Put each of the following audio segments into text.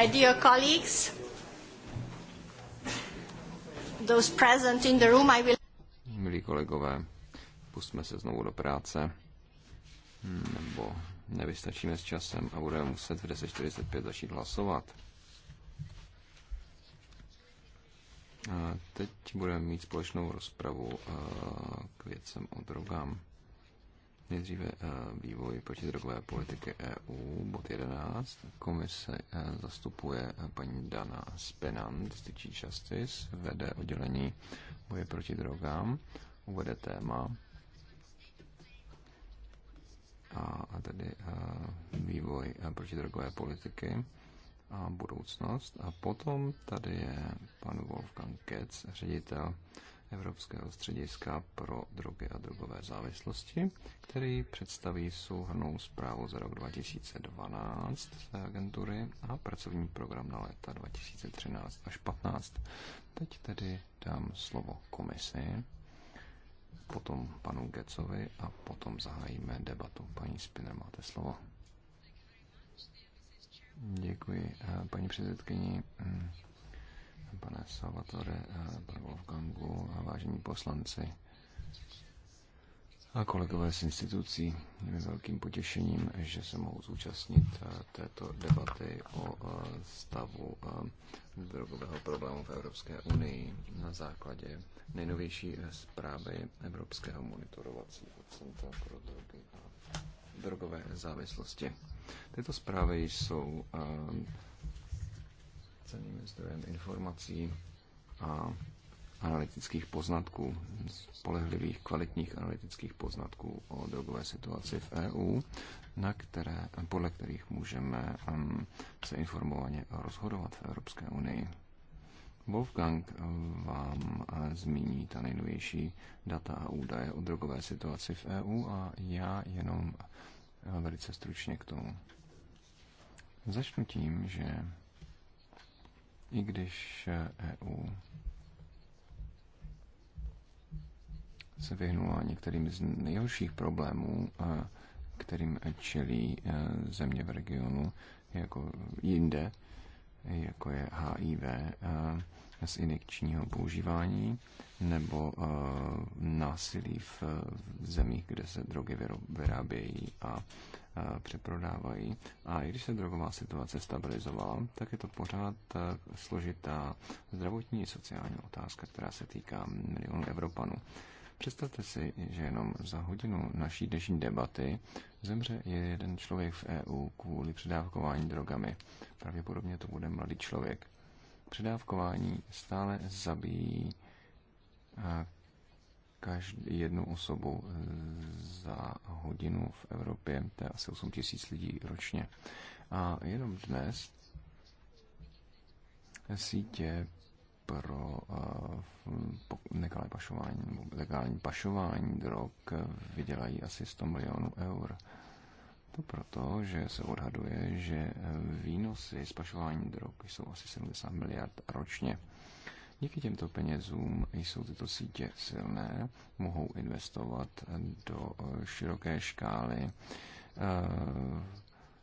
My dear colleagues, those present in the room, I will... Milí kolegové, pustme se znovu do práce, nebo nevystačíme s časem a budeme muset v 10.45 začít hlasovat. A teď budeme mít společnou rozpravu eh, k věcem o drogám. Nejdříve eh, vývoj protidrogové politiky EU, bod 11. Komise eh, zastupuje eh, paní Dana Spenan, Stitchy Justice, vede oddělení boje proti drogám, uvede téma a tedy vývoj protidrogové politiky a budoucnost. A potom tady je pan Wolfgang Kec, ředitel Evropského střediska pro drogy a drogové závislosti, který představí souhrnou zprávu za rok 2012 své agentury a pracovní program na léta 2013 až 15. Teď tedy dám slovo komisi, potom panu Gecovi a potom zahájíme debatu. Paní Spinner, máte slovo. Děkuji, eh, paní předsedkyni. Mm pane Salvatore, eh, pane Wolfgangu a eh, vážení poslanci a kolegové z institucí. Je velkým potěšením, že se mohu zúčastnit eh, této debaty o stavu drogového problému v Evropské unii na základě nejnovější zprávy Evropského monitorovacího centra pro drogy a drogové závislosti. Tyto zprávy jsou ceným zdrojem informací a analytických poznatků, spolehlivých kvalitních analytických poznatků o drogové situaci v EU, na které, podle kterých můžeme se informovaně rozhodovat v Evropské unii. Wolfgang vám eh, zmíní ta nejnovější data a údaje o drogové situaci v EU a já jenom eh, velice stručně k tomu. Začnu tím, že i když EU eh, e se vyhnula některým z nejhorších problémů, eh, kterým čelí eh, země v regionu jako jinde, jako je HIV z injekčního používání nebo násilí v zemích, kde se drogy vyrábějí a přeprodávají. A i když se drogová situace stabilizovala, tak je to pořád e, složitá zdravotní i sociální otázka, která se týká milionů Evropanů. Představte si, že jenom za hodinu naší dnešní debaty zemře jeden člověk v EU kvůli předávkování drogami. Pravděpodobně to bude mladý člověk. Předávkování stále zabíjí každý jednu osobu eh, za hodinu v Evropě, to je asi 8 tisíc lidí ročně. A jenom dnes sítě pro eh, nekalé pašování nebo legální pašování drog vydělají asi 100 milionů eur. To proto, že se odhaduje, že eh, výnosy z pašování drog jsou asi 70 miliard ročně. Díky těmto penězům jsou tyto sítě silné, mohou investovat do eh, široké škály eh,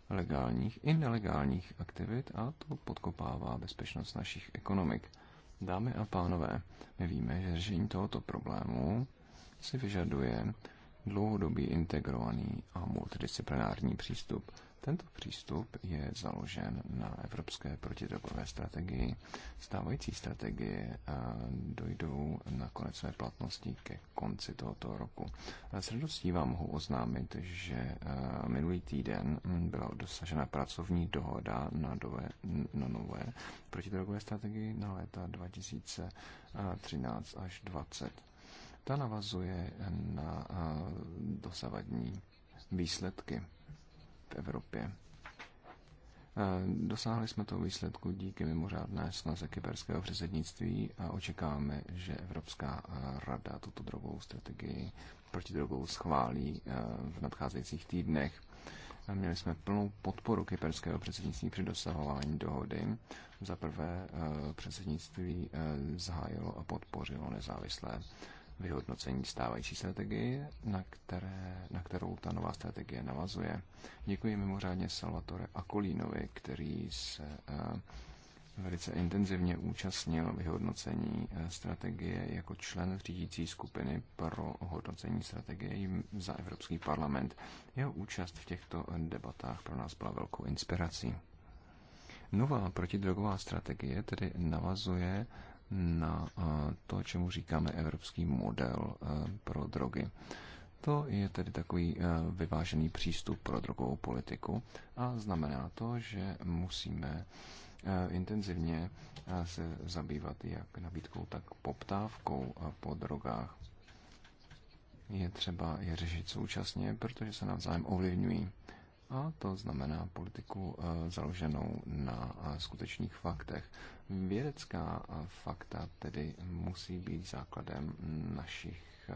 legálních i nelegálních aktivit a to podkopává bezpečnost našich ekonomik. Dámy a pánové, my víme, že řešení tohoto problému si vyžaduje dlouhodobý integrovaný a multidisciplinární přístup. Tento přístup je založen na evropské protidrogové strategii. Stávající strategie dojdou na konec své platnosti ke konci tohoto roku. S radostí vám mohu oznámit, že minulý týden byla dosažena pracovní dohoda na, dové, na nové protidrogové strategii na léta 2013 až 2020. Ta navazuje na dosavadní výsledky v Evropě. Dosáhli jsme toho výsledku díky mimořádné snaze kyberského předsednictví a očekáváme, že Evropská rada tuto drogovou strategii proti drogou schválí eh, v nadcházejících týdnech. Měli jsme plnou podporu kyperského předsednictví při dosahování dohody. Za prvé eh, předsednictví eh, zahájilo a podpořilo nezávislé vyhodnocení stávající strategie, na, které, na kterou ta nová strategie navazuje. Děkuji mimořádně Salvatore Akolínovi, který se eh, velice intenzivně účastnil vyhodnocení eh, strategie jako člen řídící skupiny pro hodnocení strategie za Evropský parlament. Jeho účast v těchto debatách pro nás byla velkou inspirací. Nová protidrogová strategie tedy navazuje na eh, to, čemu říkáme evropský model eh, pro drogy. To je tedy takový eh, vyvážený přístup pro drogovou politiku a znamená to, že musíme intenzivně se zabývat jak nabídkou, tak poptávkou po drogách. Je třeba je řešit současně, protože se navzájem ovlivňují. A to znamená politiku eh, založenou na eh, skutečných faktech. Vědecká eh, fakta tedy musí být základem našich,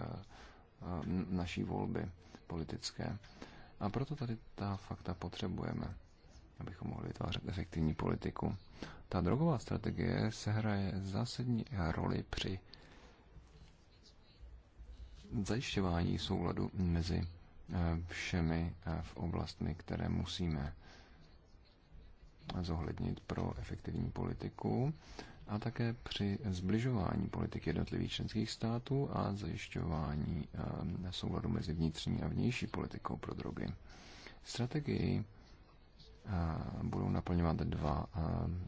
naší volby politické. A proto tady ta fakta potřebujeme, abychom mohli vytvářet efektivní politiku. Ta drogová strategie se hraje zásadní roli při zajišťování souladu mezi Eh, všemi eh, v oblastmi, které musíme zohlednit pro efektivní politiku a také při zbližování politik jednotlivých členských států a zajišťování eh, souladu mezi vnitřní a vnější politikou pro drogy. Strategii budou naplňovat dva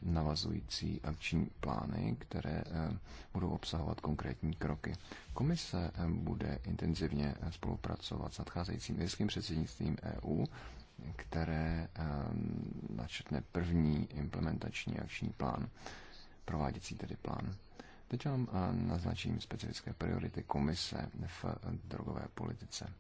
navazující akční plány, které budou obsahovat konkrétní kroky. Komise bude intenzivně spolupracovat s nadcházejícím irským předsednictvím EU, které načetne první implementační akční plán, prováděcí tedy plán. Teď vám naznačím specifické priority komise v drogové politice.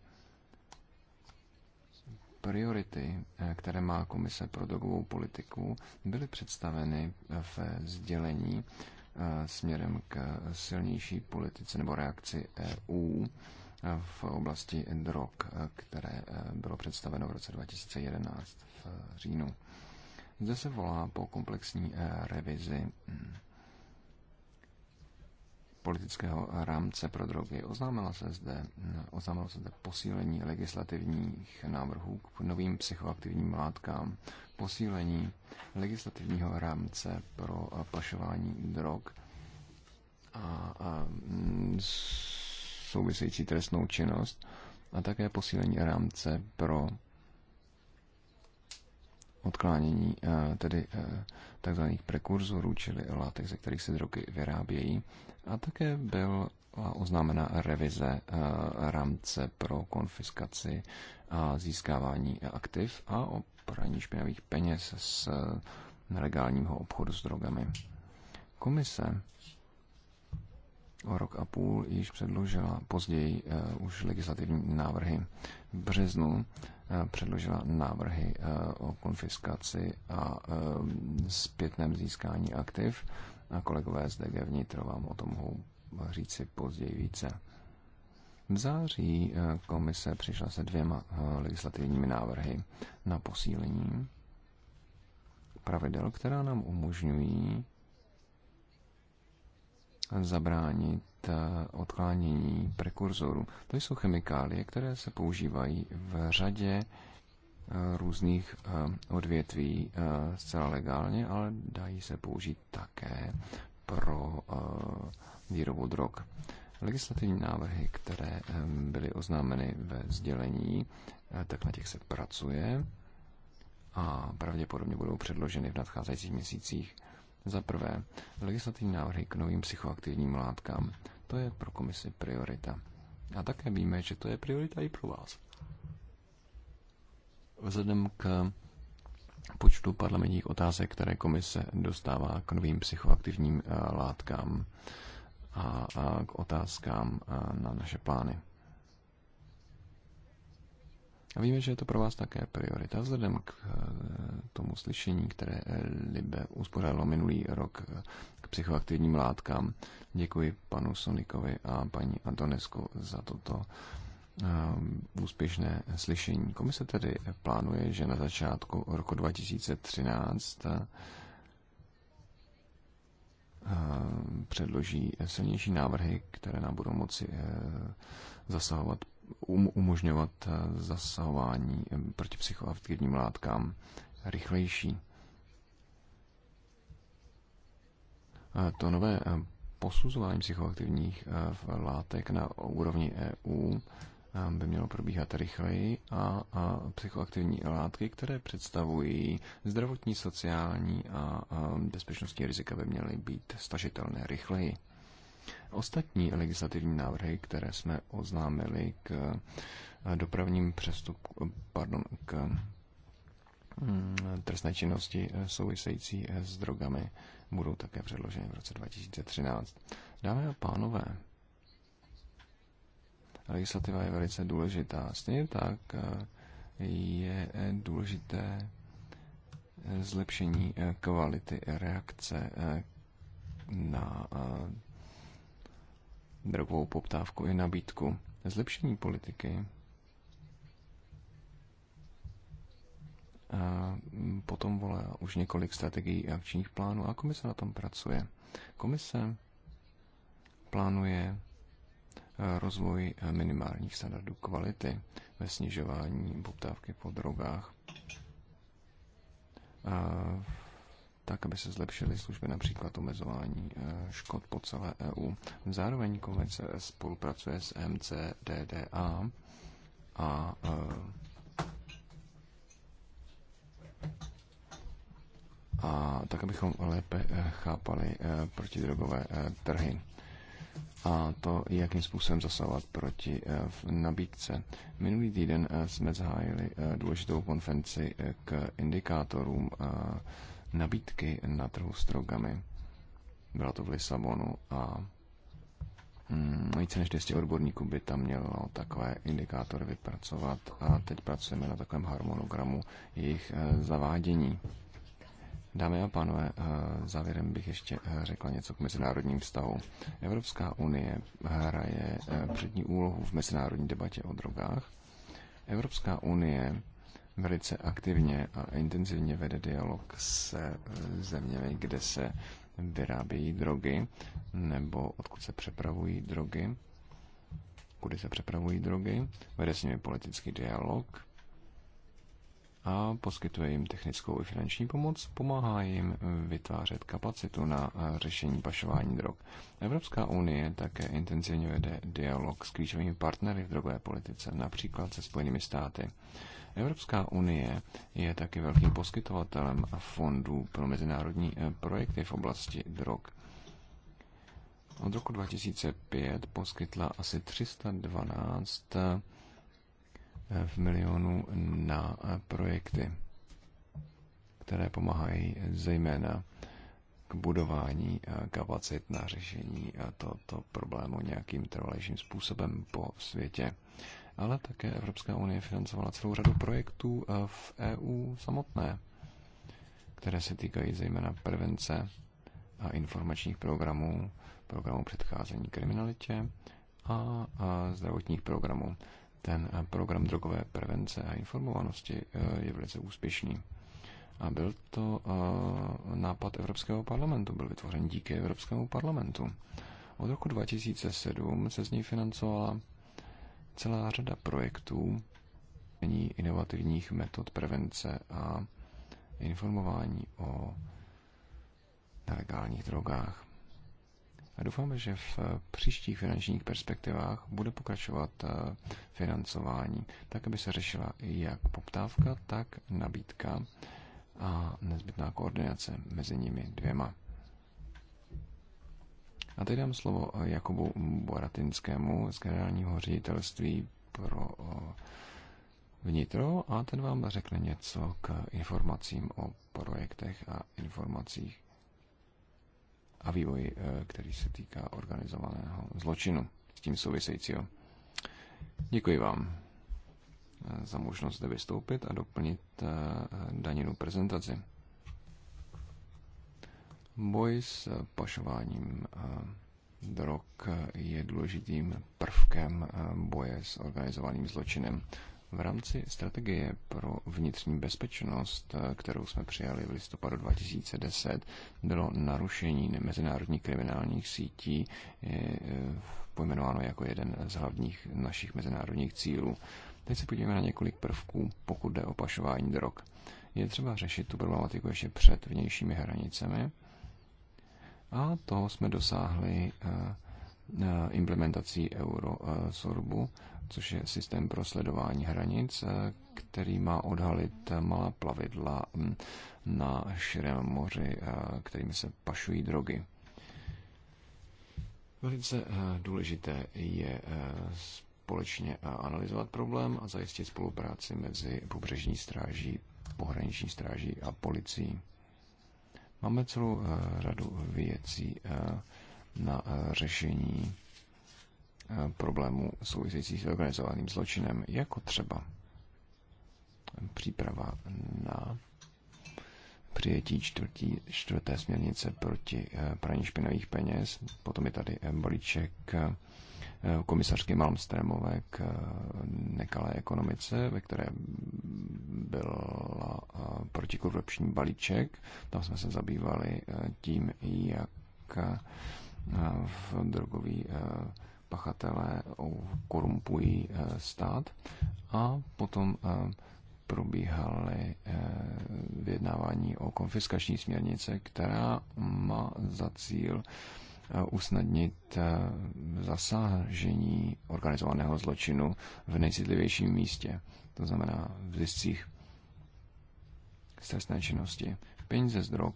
Priority, eh, které má Komise pro drogovou politiku, byly představeny eh, v sdělení eh, směrem k silnější politice nebo reakci EU v oblasti drog, které bylo představeno v roce 2011 v říjnu. Zde se volá po komplexní revizi hm, politického rámce pro drogy. Oznámilo se zde, oznámilo se zde posílení legislativních návrhů k novým psychoaktivním látkám, posílení legislativního rámce pro pašování drog a, a mm, související trestnou činnost a také posílení rámce pro odklánění, eh, tedy eh, tzv. prekurzorů, čili látek, ze kterých se drogy vyrábějí. A také byl oznámena revize eh, rámce pro konfiskaci a získávání aktiv a o praní špinavých peněz z eh, nelegálního obchodu s drogami. Komise o rok a půl již předložila později eh, už legislativní návrhy. V březnu Eh, předložila návrhy eh, o konfiskaci a eh, zpětném získání aktiv. A kolegové z DG Vnitro vám o tom mohou říci později více. V září komise přišla se dvěma legislativními návrhy na posílení pravidel, která nám umožňují zabránit Eh, odklánění prekurzorů. To jsou chemikálie, které se používají v řadě eh, různých eh, odvětví zcela legálně, ale dají se použít také pro výrobu drog. Legislativní návrhy, které byly oznámeny ve sdělení, tak na těch se pracuje a pravděpodobně budou předloženy v nadcházejících měsících. Za prvé, legislativní návrhy k novým psychoaktivním látkám. To je pro komisi priorita. A také víme, že to je priorita i pro vás. Vzhledem k počtu parlamentních otázek, které komise dostává k novým psychoaktivním eh, látkám a k otázkám eh, na naše plány. A víme, že je to pro vás také priorita vzhledem k eh, tomu slyšení, které eh, Libe uspořádalo minulý rok eh, k psychoaktivním látkám. Děkuji panu Sonikovi a paní Antonesku za toto úspěšné slyšení. Komise tedy plánuje, že na začátku roku 2013 předloží silnější návrhy, které nám budou moci zasahovat Um-, umožňovat eh, zasahování eh, proti psychoaktivním látkám rychlejší. Eh, to nové posuzování psychoaktivních látek na úrovni EU by mělo probíhat rychleji a, psychoaktivní látky, které představují zdravotní, sociální a, a bezpečnostní rizika, by měly být stažitelné rychleji ostatní legislativní návrhy, které jsme oznámili k eh, dopravním přestupku, eh, pardon, k mm, trestné činnosti eh, související s drogami, budou také předloženy v roce 2013. Dámy a pánové, legislativa je velice důležitá. Stejně tak je důležité zlepšení kvality reakce na drogovou poptávku i nabídku. Zlepšení politiky a mm, potom volá už několik strategií a akčních plánů a komise na tom pracuje. Komise plánuje e, rozvoj e, minimálních standardů kvality ve snižování poptávky po drogách. A tak, aby se zlepšily služby, například omezování eh, škod po celé EU. Zároveň komise spolupracuje s MCDDA a eh, a tak, abychom lépe eh, chápali protidrogové trhy a to, jakým způsobem zasahovat proti nabídce. Minulý týden jsme zahájili důležitou konferenci k indikátorům nabídky na trhu s drogami. Byla to v Lisabonu a mm, více než 200 odborníků by tam mělo takové indikátory vypracovat a teď pracujeme na takovém harmonogramu jejich e, zavádění. Dámy a pánové, e, závěrem bych ještě e, řekla něco k mezinárodním vztahu. Evropská unie hraje přední úlohu v mezinárodní debatě o drogách. Evropská unie velice aktivně a intenzivně vede dialog se eh, zeměmi, kde se vyrábějí drogy nebo odkud se přepravují drogy, kudy se přepravují drogy, vede s nimi politický dialog a poskytuje jim technickou i finanční pomoc, pomáhá jim vytvářet kapacitu na eh, řešení pašování drog. Evropská unie také intenzivně vede dialog s klíčovými partnery v drogové politice, například se Spojenými státy. Evropská unie je taky velkým poskytovatelem fondů pro mezinárodní eh, projekty v oblasti drog. Od roku 2005 poskytla asi 312 eh, v milionů na eh, projekty, které pomáhají zejména k budování kapacit na řešení tohoto problému nějakým trvalejším způsobem po světě ale také Evropská unie financovala celou řadu projektů eh, v EU samotné, které se týkají zejména prevence a informačních programů, programů předcházení kriminalitě a, zdravotních programů. Ten eh, program drogové prevence a informovanosti eh, je velice úspěšný. A byl to nápad Evropského parlamentu, byl vytvořen díky Evropskému parlamentu. Od roku 2007 se z něj financovala celá řada projektů není inovativních metod prevence a informování o nelegálních drogách. A doufáme, že v příštích finančních perspektivách bude pokračovat eh, financování, tak aby se řešila jak poptávka, tak nabídka a nezbytná koordinace mezi nimi dvěma. A teď dám slovo eh, Jakubu Boratinskému z generálního ředitelství pro eh, vnitro a ten vám řekne něco k informacím o projektech a informacích a vývoji, eh, který se týká organizovaného zločinu s tím souvisejícího. Děkuji vám za možnost zde vystoupit a doplnit daninu prezentaci. Boj s pašováním eh, drog je důležitým prvkem eh, boje s organizovaným zločinem. V rámci strategie pro vnitřní bezpečnost, eh, kterou jsme přijali v listopadu 2010, bylo narušení mezinárodních kriminálních sítí pojmenováno jako jeden z hlavních našich mezinárodních cílů. Teď se podíváme na několik prvků, pokud jde o pašování drog. Je třeba řešit tu problematiku ještě před vnějšími hranicemi a toho jsme dosáhli eh, eh, implementací Eurosorbu, eh, což je systém pro sledování hranic, který má odhalit malá plavidla mm, na širém moři, kterými se pašují drogy. Velice důležité je společně analyzovat problém a zajistit spolupráci mezi pobřežní stráží, pohraniční stráží a policií. Máme celou eh, řadu věcí eh, na eh, řešení problémů souvisejících s organizovaným zločinem, jako třeba příprava na přijetí čtvrtí, čtvrté směrnice proti praní špinavých peněz. Potom je tady balíček komisařky Malmströmové k eh, nekalé ekonomice, ve které byl eh, protikorupční balíček. Tam jsme se zabývali eh, tím, jak v drogový pachatelé korumpují stát a potom probíhaly vyjednávání o konfiskační směrnice, která má za cíl usnadnit eh, zasážení organizovaného zločinu v nejcitlivějším místě, to znamená v ziscích stresné činnosti. Peníze z drog.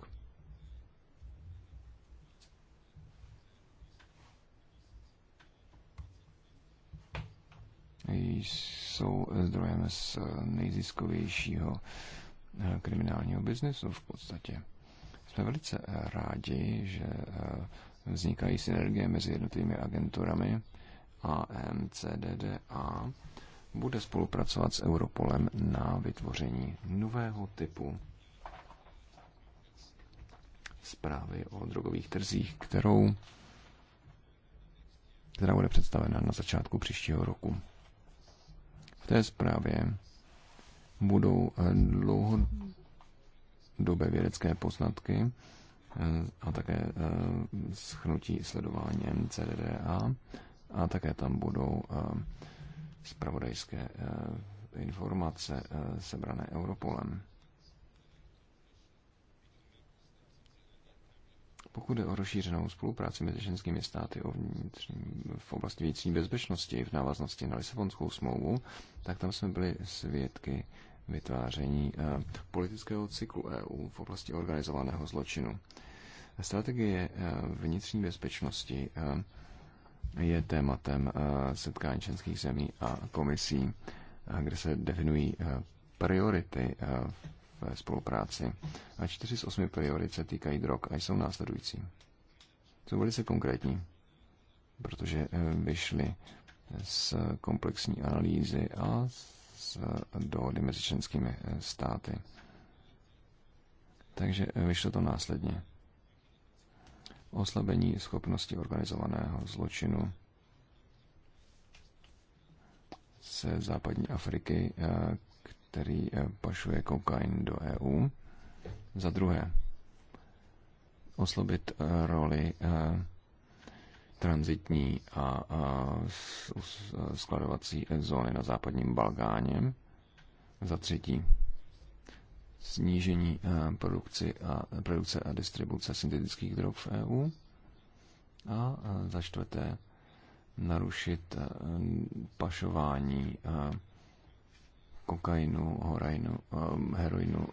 jsou zdrojem z nejziskovějšího eh, kriminálního biznesu v podstatě. Jsme velice eh, rádi, že vznikají synergie mezi jednotlivými agenturami a MCDDA bude spolupracovat s Europolem na vytvoření nového typu zprávy o drogových trzích, kterou, která bude představena na začátku příštího roku. V té zprávě budou eh, dlouhodobé vědecké poznatky Eh, a také eh, schnutí sledování MCDDA a také tam budou spravodajské eh, informace sebrané Europolem. Pokud je o rozšířenou spolupráci mezi ženskými státy v oblasti vnitřní bezpečnosti v návaznosti na Lisabonskou smlouvu, tak tam jsme byli svědky vytváření eh, politického cyklu EU v oblasti organizovaného zločinu. Strategie eh, vnitřní bezpečnosti eh, je tématem setkání členských zemí a komisí, kde se definují priority ve spolupráci. A čtyři z osmi priorit se týkají drog a jsou následující. Jsou velice konkrétní, protože vyšly z komplexní analýzy a s eh, dohody mezi členskými eh, státy. Takže eh, vyšlo to následně. Oslabení schopnosti organizovaného zločinu ze západní Afriky, který pašuje kokain do EU. Za druhé, oslabit roli transitní a, a skladovací zóny na západním Balgáně. Za třetí, snížení produkci a, produkce a distribuce syntetických drog v EU. A za čtvrté, narušit pašování kokainu, a, heroinu,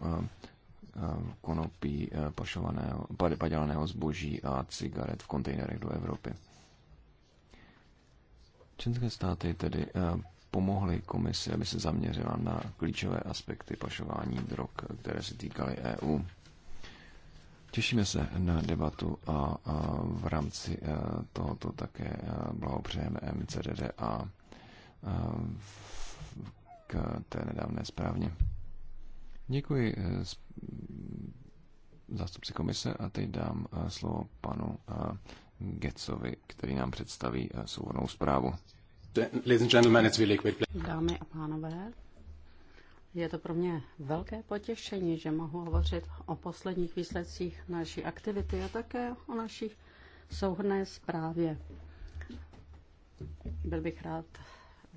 konopí, pašovaného, padělaného zboží a cigaret v kontejnerech do Evropy. Členské státy tedy eh, pomohly komisi, aby se zaměřila na klíčové aspekty pašování drog, které se týkaly EU. Těšíme se na debatu a, v rámci eh, tohoto také eh, blahopřejeme MCDD a k té nedávné správně. Děkuji zástupci komise a teď dám slovo panu Getzovi, který nám představí eh, souhrnou zprávu. Dámy a pánové, je to pro mě velké potěšení, že mohu hovořit o posledních výsledcích naší aktivity a také o naší souhodné zprávě. Byl bych rád,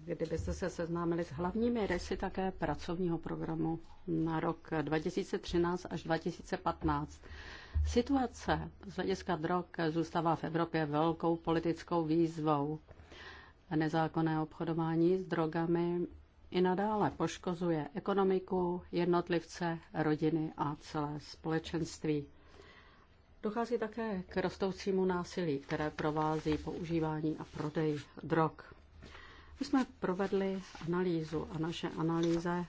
kdybyste se seznámili s hlavními rysy také pracovního programu na rok 2013 až 2015. Situace z hlediska drog zůstává v Evropě velkou politickou výzvou. Nezákonné obchodování s drogami i nadále poškozuje ekonomiku, jednotlivce, rodiny a celé společenství. Dochází také k rostoucímu násilí, které provází používání a prodej drog. My jsme provedli analýzu a naše analýza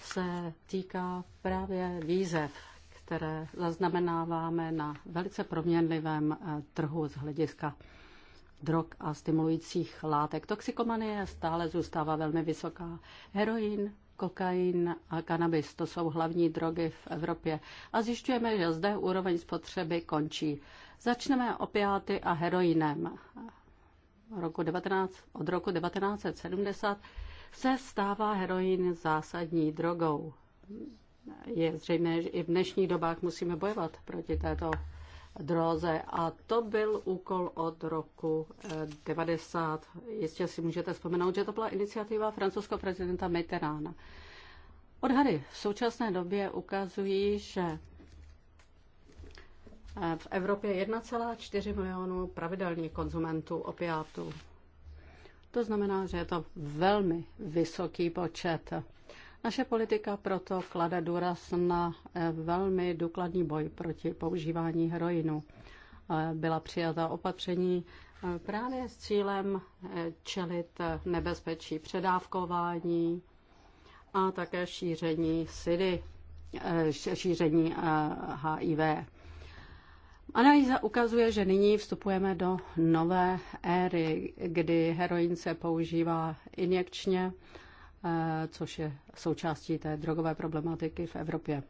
se týká právě výzev, které zaznamenáváme na velice proměnlivém eh, trhu z hlediska drog a stimulujících látek. Toxikomanie stále zůstává velmi vysoká. Heroin, kokain a kanabis, to jsou hlavní drogy v Evropě. A zjišťujeme, že zde úroveň spotřeby končí. Začneme opiáty a heroinem. Roku 19, od roku 1970 se stává heroin zásadní drogou je zřejmé, že i v dnešních dobách musíme bojovat proti této droze. A to byl úkol od roku 90. Eh, Jistě si můžete vzpomenout, že to byla iniciativa francouzského prezidenta Mitterranda. Odhady v současné době ukazují, že eh, v Evropě 1,4 milionu pravidelných konzumentů opiátů. To znamená, že je to velmi vysoký počet. Naše politika proto klade důraz na eh, velmi důkladný boj proti používání heroinu. Eh, byla přijata opatření eh, právě s cílem čelit nebezpečí předávkování a také šíření SIDy, šíření HIV. Analýza ukazuje, že nyní vstupujeme do nové éry, kdy heroin se používá injekčně Eh, což je součástí té drogové problematiky v Evropě.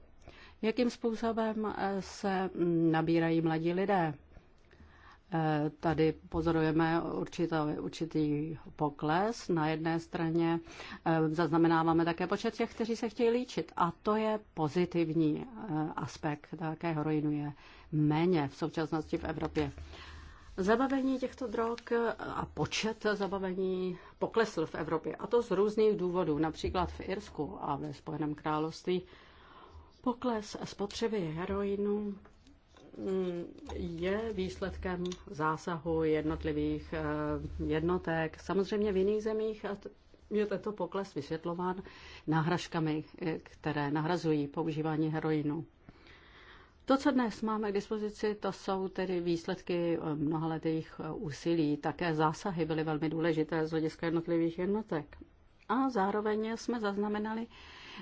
Jakým způsobem eh, se nabírají mladí lidé? Eh, tady pozorujeme určitý, určitý pokles. Na jedné straně zaznamenáváme také počet těch, kteří se chtějí líčit. A to je pozitivní aspekt. Také heroinu je méně v současnosti v Evropě. Zabavení těchto drog a počet zabavení poklesl v Evropě, a to z různých důvodů, například v Irsku a ve Spojeném království. Pokles spotřeby heroinu mm, je výsledkem zásahu jednotlivých eh, jednotek. Samozřejmě v jiných zemích je tento pokles vysvětlován náhražkami, eh, které nahrazují používání heroinu. To, co dnes máme k dispozici, to jsou tedy výsledky eh, mnohaletých eh, úsilí. Také zásahy byly velmi důležité z hlediska jednotlivých jednotek. A zároveň jsme zaznamenali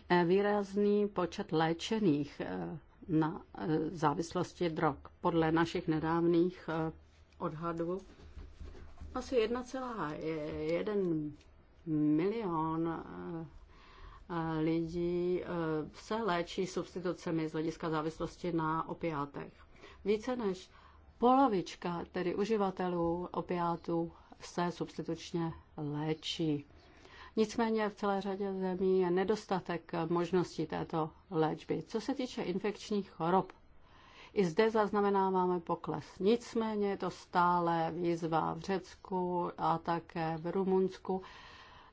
eh, výrazný počet léčených na závislosti drog. Podle našich nedávných odhadů asi 1,1 milion lidí eh, se léčí substitucemi z hlediska závislosti na opiátech. Více než polovička tedy uživatelů opiátů se substitučně léčí. Nicméně v celé řadě zemí je nedostatek možností této léčby. Co se týče infekčních chorob, i zde zaznamenáváme pokles. Nicméně je to stále výzva v Řecku a také v Rumunsku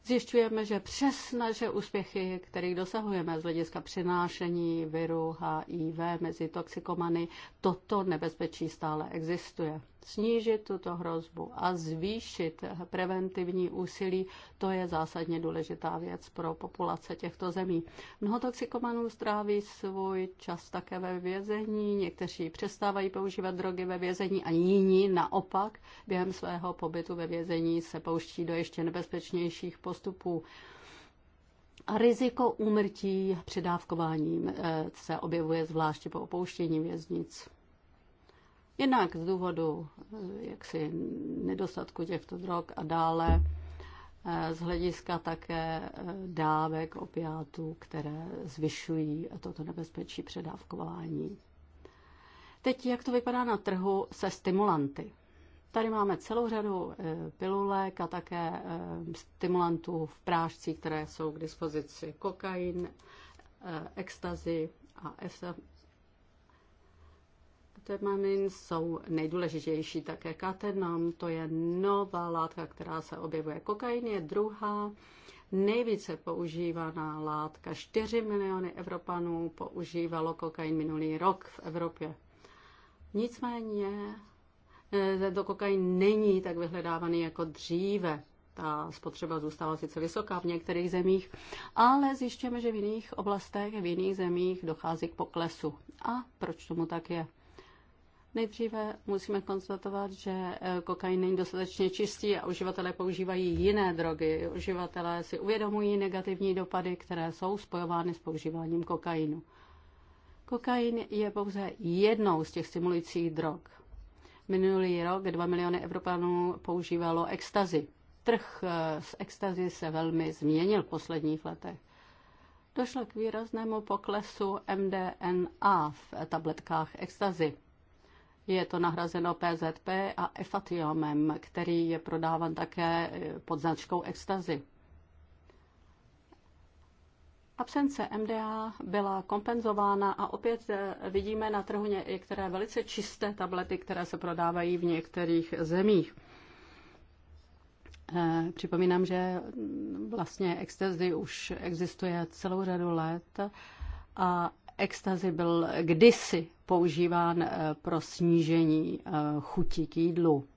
zjišťujeme, že přes naše úspěchy, kterých dosahujeme z hlediska přinášení viru HIV mezi toxikomany, toto nebezpečí stále existuje snížit tuto hrozbu a zvýšit preventivní úsilí, to je zásadně důležitá věc pro populace těchto zemí. Mnoho toxikomanů stráví svůj čas také ve vězení, někteří přestávají používat drogy ve vězení a jiní naopak během svého pobytu ve vězení se pouští do ještě nebezpečnějších postupů. A riziko úmrtí předávkováním eh, se objevuje zvláště po opouštění věznic. Jednak z důvodu eh, jaksi nedostatku těchto drog a dále eh, z hlediska také eh, dávek opiátů, které zvyšují toto nebezpečí předávkování. Teď, jak to vypadá na trhu se stimulanty? Tady máme celou řadu pilulek a také stimulantů v prášcích, které jsou k dispozici. Kokain, extazy a katenamin jsou nejdůležitější také. katenom. to je nová látka, která se objevuje. Kokain je druhá nejvíce používaná látka. 4 miliony Evropanů používalo kokain minulý rok v Evropě. Nicméně eh, tento kokain není tak vyhledávaný jako dříve. Ta spotřeba zůstává sice vysoká v některých zemích, ale zjišťujeme, že v jiných oblastech, v jiných zemích dochází k poklesu. A proč tomu tak je? Nejdříve musíme konstatovat, že e, kokain není dostatečně čistý a uživatelé používají jiné drogy. Uživatelé si uvědomují negativní dopady, které jsou spojovány s používáním kokainu. Kokain je pouze jednou z těch stimulujících drog. Minulý rok 2 miliony Evropanů používalo extazy. Trh e, s extazy se velmi změnil v posledních letech. Došlo k výraznému poklesu MDNA v tabletkách extazy je to nahrazeno PZP a efatiomem, který je prodávan také eh, pod značkou extazy. Absence MDA byla kompenzována a opět eh, vidíme na trhu některé velice čisté tablety, které se prodávají v některých zemích. Eh, připomínám, že mm, vlastně extazy už existuje celou řadu let a extazy byl kdysi používán eh, pro snížení eh, chuti k jídlu.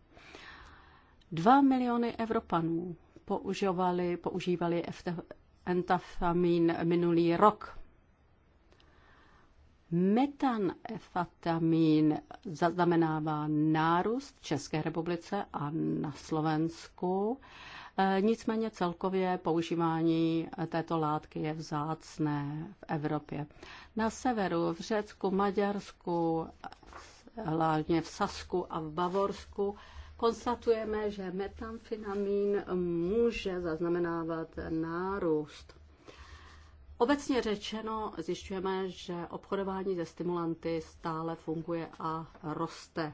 Dva miliony Evropanů používali, používali entafamin minulý rok. Metanefatamin zaznamenává nárůst v České republice a na Slovensku. Eh, nicméně celkově používání této látky je vzácné v Evropě. Na severu, v Řecku, Maďarsku, eh, hlavně v Sasku a v Bavorsku, konstatujeme, že metamfinamín může zaznamenávat nárůst. Obecně řečeno zjišťujeme, že obchodování ze stimulanty stále funguje a roste.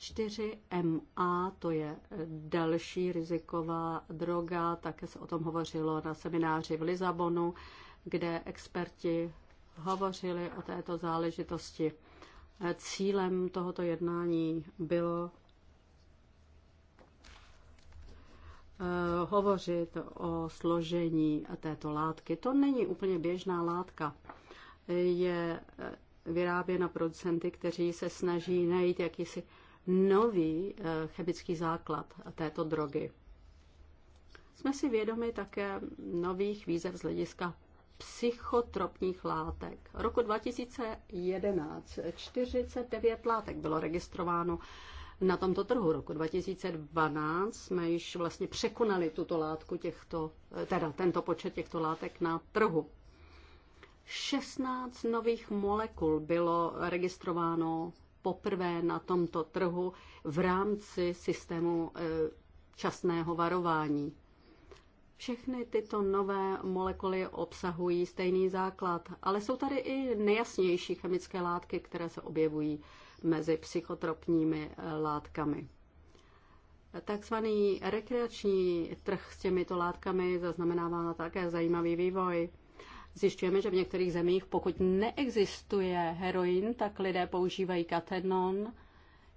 4MA, to je eh, další riziková droga, také se o tom hovořilo na semináři v Lisabonu, kde experti hovořili o této záležitosti. Eh, cílem tohoto jednání bylo eh, hovořit o složení této látky. To není úplně běžná látka. Je vyráběna producenty, kteří se snaží najít jakýsi nový eh, chemický základ této drogy. Jsme si vědomi také nových výzev z hlediska psychotropních látek. Roku 2011 49 látek bylo registrováno na tomto trhu. Roku 2012 jsme již vlastně překonali tuto látku těchto, eh, teda tento počet těchto látek na trhu. 16 nových molekul bylo registrováno poprvé na tomto trhu v rámci systému e, časného varování. Všechny tyto nové molekuly obsahují stejný základ, ale jsou tady i nejasnější chemické látky, které se objevují mezi psychotropními e, látkami. Takzvaný rekreační trh s těmito látkami zaznamenává také zajímavý vývoj. Zjišťujeme, že v některých zemích, pokud neexistuje heroin, tak lidé používají katenon,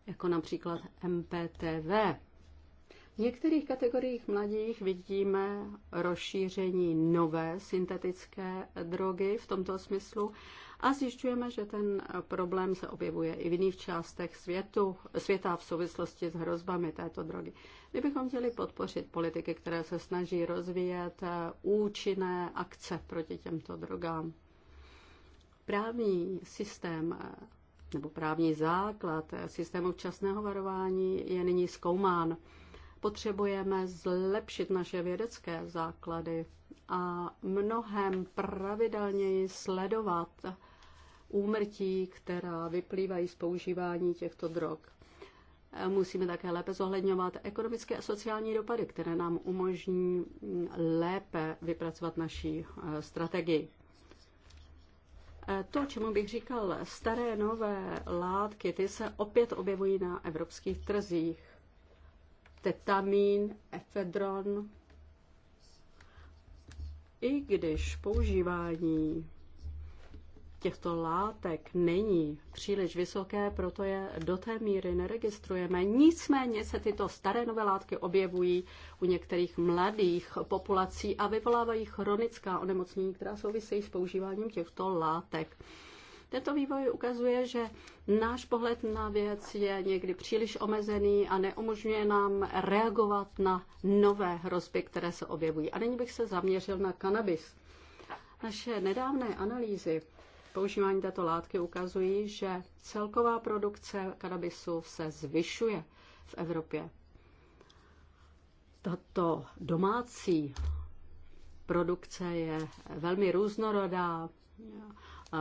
jako například MPTV. V některých kategoriích mladých vidíme rozšíření nové syntetické drogy v tomto smyslu a zjišťujeme, že ten problém se objevuje i v jiných částech světu, světa v souvislosti s hrozbami této drogy. My bychom chtěli podpořit politiky, které se snaží rozvíjet účinné akce proti těmto drogám. Právní systém nebo právní základ systému včasného varování je nyní zkoumán. Potřebujeme zlepšit naše vědecké základy a mnohem pravidelněji sledovat úmrtí, která vyplývají z používání těchto drog. Musíme také lépe zohledňovat ekonomické a sociální dopady, které nám umožní lépe vypracovat naší eh, strategii. Eh, to, čemu bych říkal, staré nové látky, ty se opět objevují na evropských trzích tetamin, efedron. I když používání těchto látek není příliš vysoké, proto je do té míry neregistrujeme. Nicméně se tyto staré nové látky objevují u některých mladých populací a vyvolávají chronická onemocnění, která souvisejí s používáním těchto látek. Tento vývoj ukazuje, že náš pohled na věc je někdy příliš omezený a neumožňuje nám reagovat na nové hrozby, které se objevují. A nyní bych se zaměřil na kanabis. Naše nedávné analýzy používání této látky ukazují, že celková produkce kanabisu se zvyšuje v Evropě. Tato domácí produkce je velmi různorodá,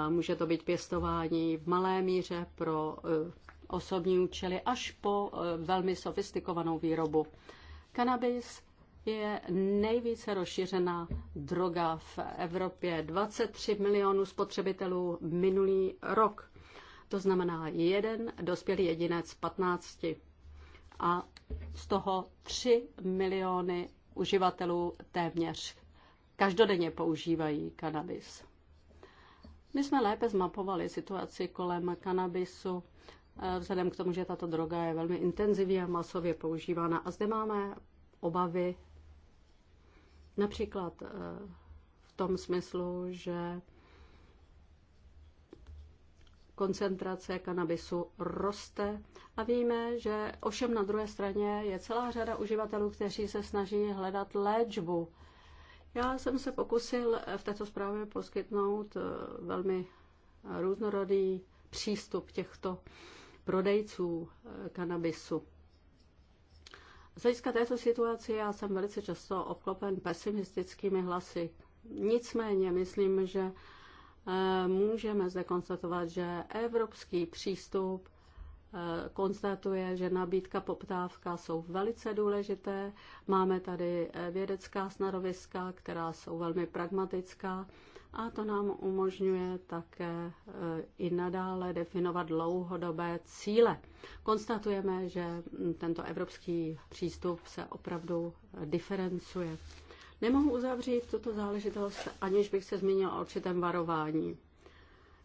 může to být pěstování v malé míře pro e, osobní účely až po e, velmi sofistikovanou výrobu. Kanabis je nejvíce rozšířená droga v Evropě. 23 milionů spotřebitelů minulý rok. To znamená jeden dospělý jedinec z 15. A z toho 3 miliony uživatelů téměř každodenně používají kanabis. My jsme lépe zmapovali situaci kolem kanabisu, eh, vzhledem k tomu, že tato droga je velmi intenzivně a masově používána. A zde máme obavy například eh, v tom smyslu, že koncentrace kanabisu roste a víme, že ovšem na druhé straně je celá řada uživatelů, kteří se snaží hledat léčbu já jsem se pokusil eh, v této zprávě poskytnout eh, velmi různorodý přístup těchto prodejců eh, kanabisu. Z hlediska této situace já jsem velice často obklopen pesimistickými hlasy. Nicméně myslím, že můžeme zde konstatovat, že evropský přístup Eh, konstatuje, že nabídka poptávka jsou velice důležité. Máme tady eh, vědecká stanoviska, která jsou velmi pragmatická a to nám umožňuje také eh, i nadále definovat dlouhodobé cíle. Konstatujeme, že hm, tento evropský přístup se opravdu diferencuje. Nemohu uzavřít tuto záležitost, aniž bych se zmínil o určitém varování.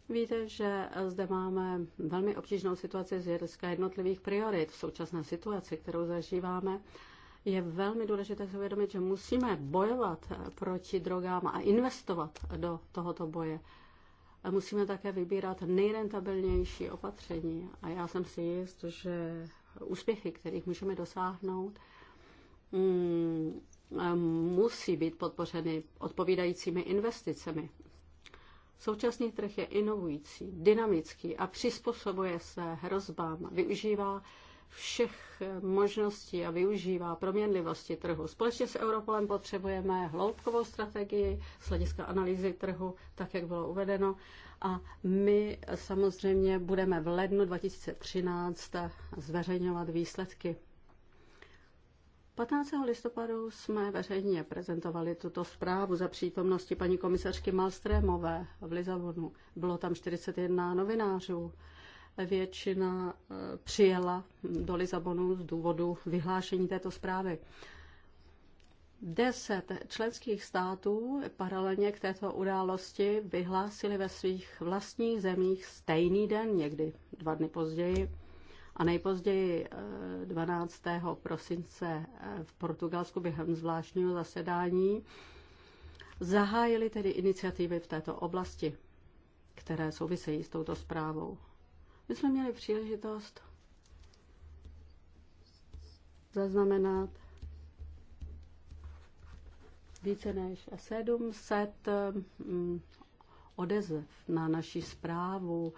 Víte, že zde máme velmi obtížnou situaci z hlediska jednotlivých priorit v současné situaci, kterou zažíváme. Je velmi důležité si uvědomit, že musíme bojovat proti drogám a investovat do tohoto boje. Musíme také vybírat nejrentabilnější opatření. A já jsem si jist, že úspěchy, kterých můžeme dosáhnout, mm, musí být podpořeny odpovídajícími investicemi. Současný trh je inovující, dynamický a přizpůsobuje se hrozbám, využívá všech možností a využívá proměnlivosti trhu. Společně s Europolem potřebujeme hloubkovou strategii z hlediska analýzy trhu, tak jak bylo uvedeno. A my samozřejmě budeme v lednu 2013 zveřejňovat výsledky 15. listopadu jsme veřejně prezentovali tuto zprávu za přítomnosti paní komisařky Malstrémové v Lizabonu. Bylo tam 41 novinářů. Většina eh, přijela do Lizabonu z důvodu vyhlášení této zprávy. Deset členských států paralelně k této události vyhlásili ve svých vlastních zemích stejný den, někdy dva dny později, a nejpozději 12. Eh, prosince eh, v Portugalsku během zvláštního zasedání zahájili tedy iniciativy v této oblasti, které souvisejí s touto zprávou. My jsme měli příležitost zaznamenat více než 700 mm, odezev na naši zprávu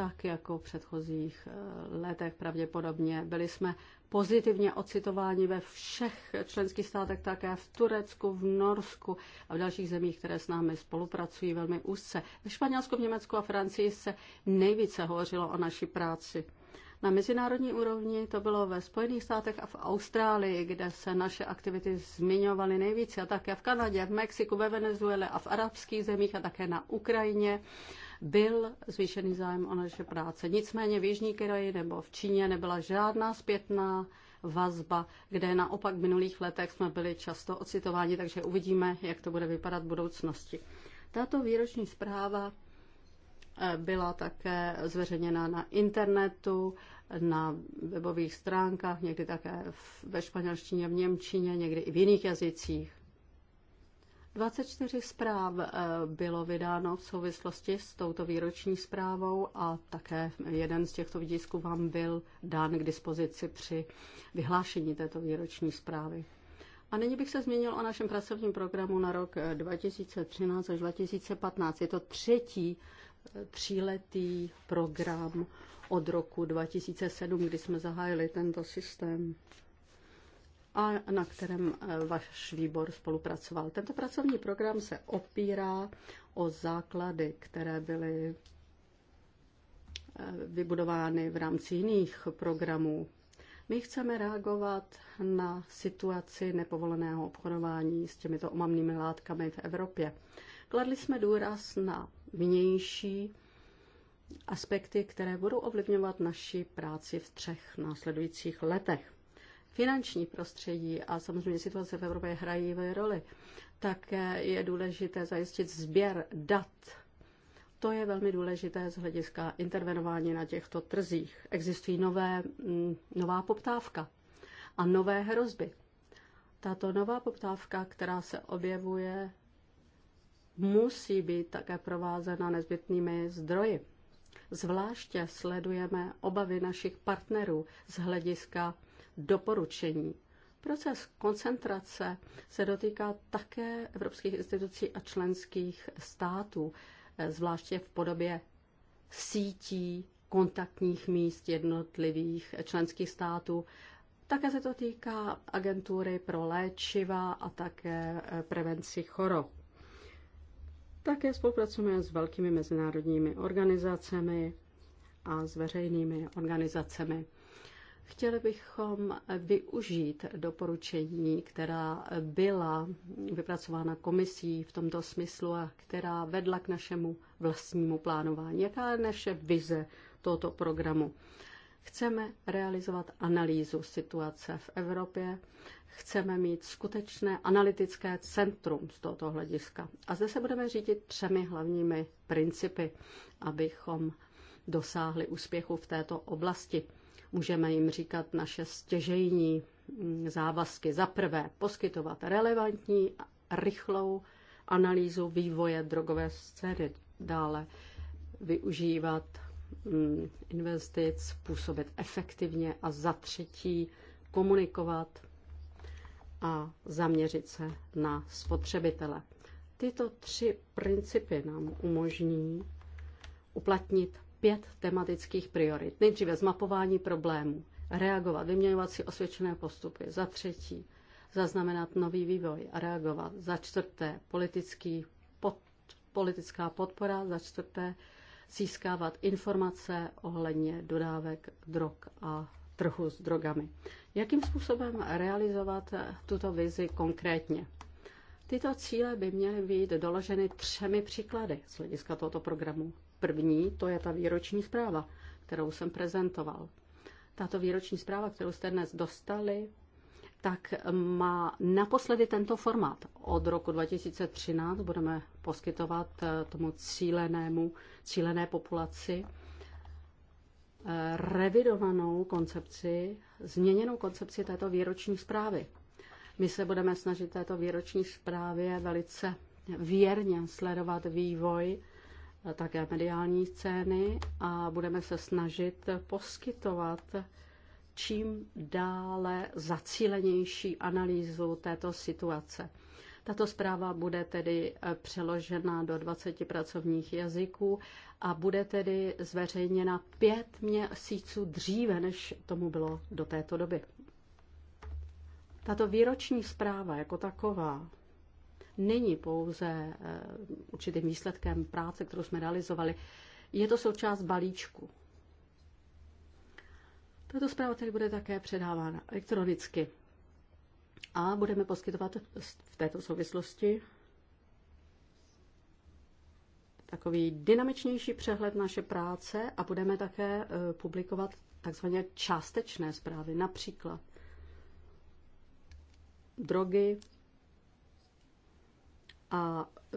tak jako v předchozích eh, letech pravděpodobně. Byli jsme pozitivně ocitováni ve všech členských státech, také v Turecku, v Norsku a v dalších zemích, které s námi spolupracují velmi úzce. Ve Španělsku, v Německu a Francii se nejvíce hovořilo o naší práci. Na mezinárodní úrovni to bylo ve Spojených státech a v Austrálii, kde se naše aktivity zmiňovaly nejvíce, a také v Kanadě, v Mexiku, ve Venezuele a v arabských zemích a také na Ukrajině byl zvýšený zájem o naše práce. Nicméně v Jižní Koreji nebo v Číně nebyla žádná zpětná vazba, kde naopak v minulých letech jsme byli často ocitováni, takže uvidíme, jak to bude vypadat v budoucnosti. Tato výroční zpráva eh, byla také zveřejněna na internetu, na webových stránkách, někdy také ve španělštině, v němčině, někdy i v jiných jazycích. 24 zpráv eh, bylo vydáno v souvislosti s touto výroční zprávou a také jeden z těchto výtisků vám byl dán k dispozici při vyhlášení této výroční zprávy. A nyní bych se změnil o našem pracovním programu na rok 2013 eh, až 2015. Je to třetí eh, tříletý program od roku 2007, kdy jsme zahájili tento systém a na kterém eh, váš výbor spolupracoval. Tento pracovní program se opírá o základy, které byly eh, vybudovány v rámci jiných programů. My chceme reagovat na situaci nepovoleného obchodování s těmito omamnými látkami v Evropě. Kladli jsme důraz na vnější aspekty, které budou ovlivňovat naši práci v třech následujících letech finanční prostředí a samozřejmě situace v Evropě hrají roli, tak je důležité zajistit sběr dat. To je velmi důležité z hlediska intervenování na těchto trzích. Existují nové, mm, nová poptávka a nové hrozby. Tato nová poptávka, která se objevuje, musí být také provázena nezbytnými zdroji. Zvláště sledujeme obavy našich partnerů z hlediska doporučení. Proces koncentrace se dotýká také evropských institucí a členských států, eh, zvláště v podobě sítí kontaktních míst jednotlivých členských států. Také se to týká agentury pro léčiva a také eh, prevenci chorob. Také spolupracujeme s velkými mezinárodními organizacemi a s veřejnými organizacemi. Chtěli bychom využít doporučení, která byla vypracována komisí v tomto smyslu a která vedla k našemu vlastnímu plánování. Jaká je naše vize tohoto programu? Chceme realizovat analýzu situace v Evropě, chceme mít skutečné analytické centrum z tohoto hlediska. A zde se budeme řídit třemi hlavními principy, abychom dosáhli úspěchu v této oblasti. Můžeme jim říkat naše stěžejní závazky. Za prvé, poskytovat relevantní, rychlou analýzu vývoje drogové scény. Dále využívat mm, investic, působit efektivně a za třetí komunikovat a zaměřit se na spotřebitele. Tyto tři principy nám umožní uplatnit pět tematických priorit. Nejdříve zmapování problémů, reagovat, vyměňovat si osvědčené postupy. Za třetí, zaznamenat nový vývoj a reagovat. Za čtvrté, politický pod, politická podpora. Za čtvrté, získávat informace ohledně dodávek drog a trhu s drogami. Jakým způsobem realizovat tuto vizi konkrétně? Tyto cíle by měly být doloženy třemi příklady z hlediska tohoto programu. První to je ta výroční zpráva, kterou jsem prezentoval. Tato výroční zpráva, kterou jste dnes dostali, tak má naposledy tento formát. Od roku 2013 budeme poskytovat eh, tomu cílenému, cílené populaci eh, revidovanou koncepci, změněnou koncepci této výroční zprávy. My se budeme snažit této výroční zprávě velice věrně sledovat vývoj Eh, také mediální scény a budeme se snažit poskytovat čím dále zacílenější analýzu této situace. Tato zpráva bude tedy eh, přeložena do 20 pracovních jazyků a bude tedy zveřejněna pět měsíců dříve, než tomu bylo do této doby. Tato výroční zpráva jako taková není pouze eh, určitým výsledkem práce, kterou jsme realizovali. Je to součást balíčku. Tato zpráva tedy bude také předávána elektronicky. A budeme poskytovat v této souvislosti takový dynamičnější přehled naše práce a budeme také eh, publikovat takzvané částečné zprávy, například drogy, a e,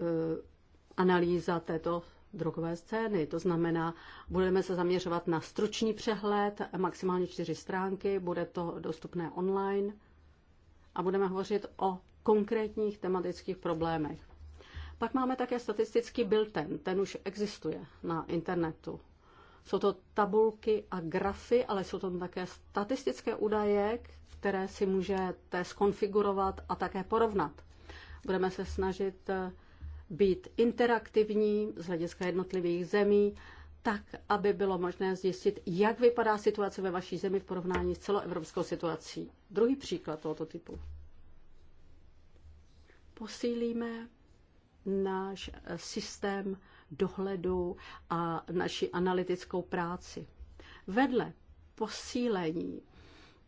analýza této drogové scény. To znamená, budeme se zaměřovat na stručný přehled, maximálně čtyři stránky, bude to dostupné online a budeme hovořit o konkrétních tematických problémech. Pak máme také statistický bilten, ten už existuje na internetu. Jsou to tabulky a grafy, ale jsou tam také statistické údaje, které si můžete skonfigurovat a také porovnat. Budeme se snažit eh, být interaktivní z hlediska jednotlivých zemí, tak, aby bylo možné zjistit, jak vypadá situace ve vaší zemi v porovnání s celoevropskou situací. Druhý příklad tohoto typu. Posílíme náš eh, systém dohledu a naši analytickou práci. Vedle posílení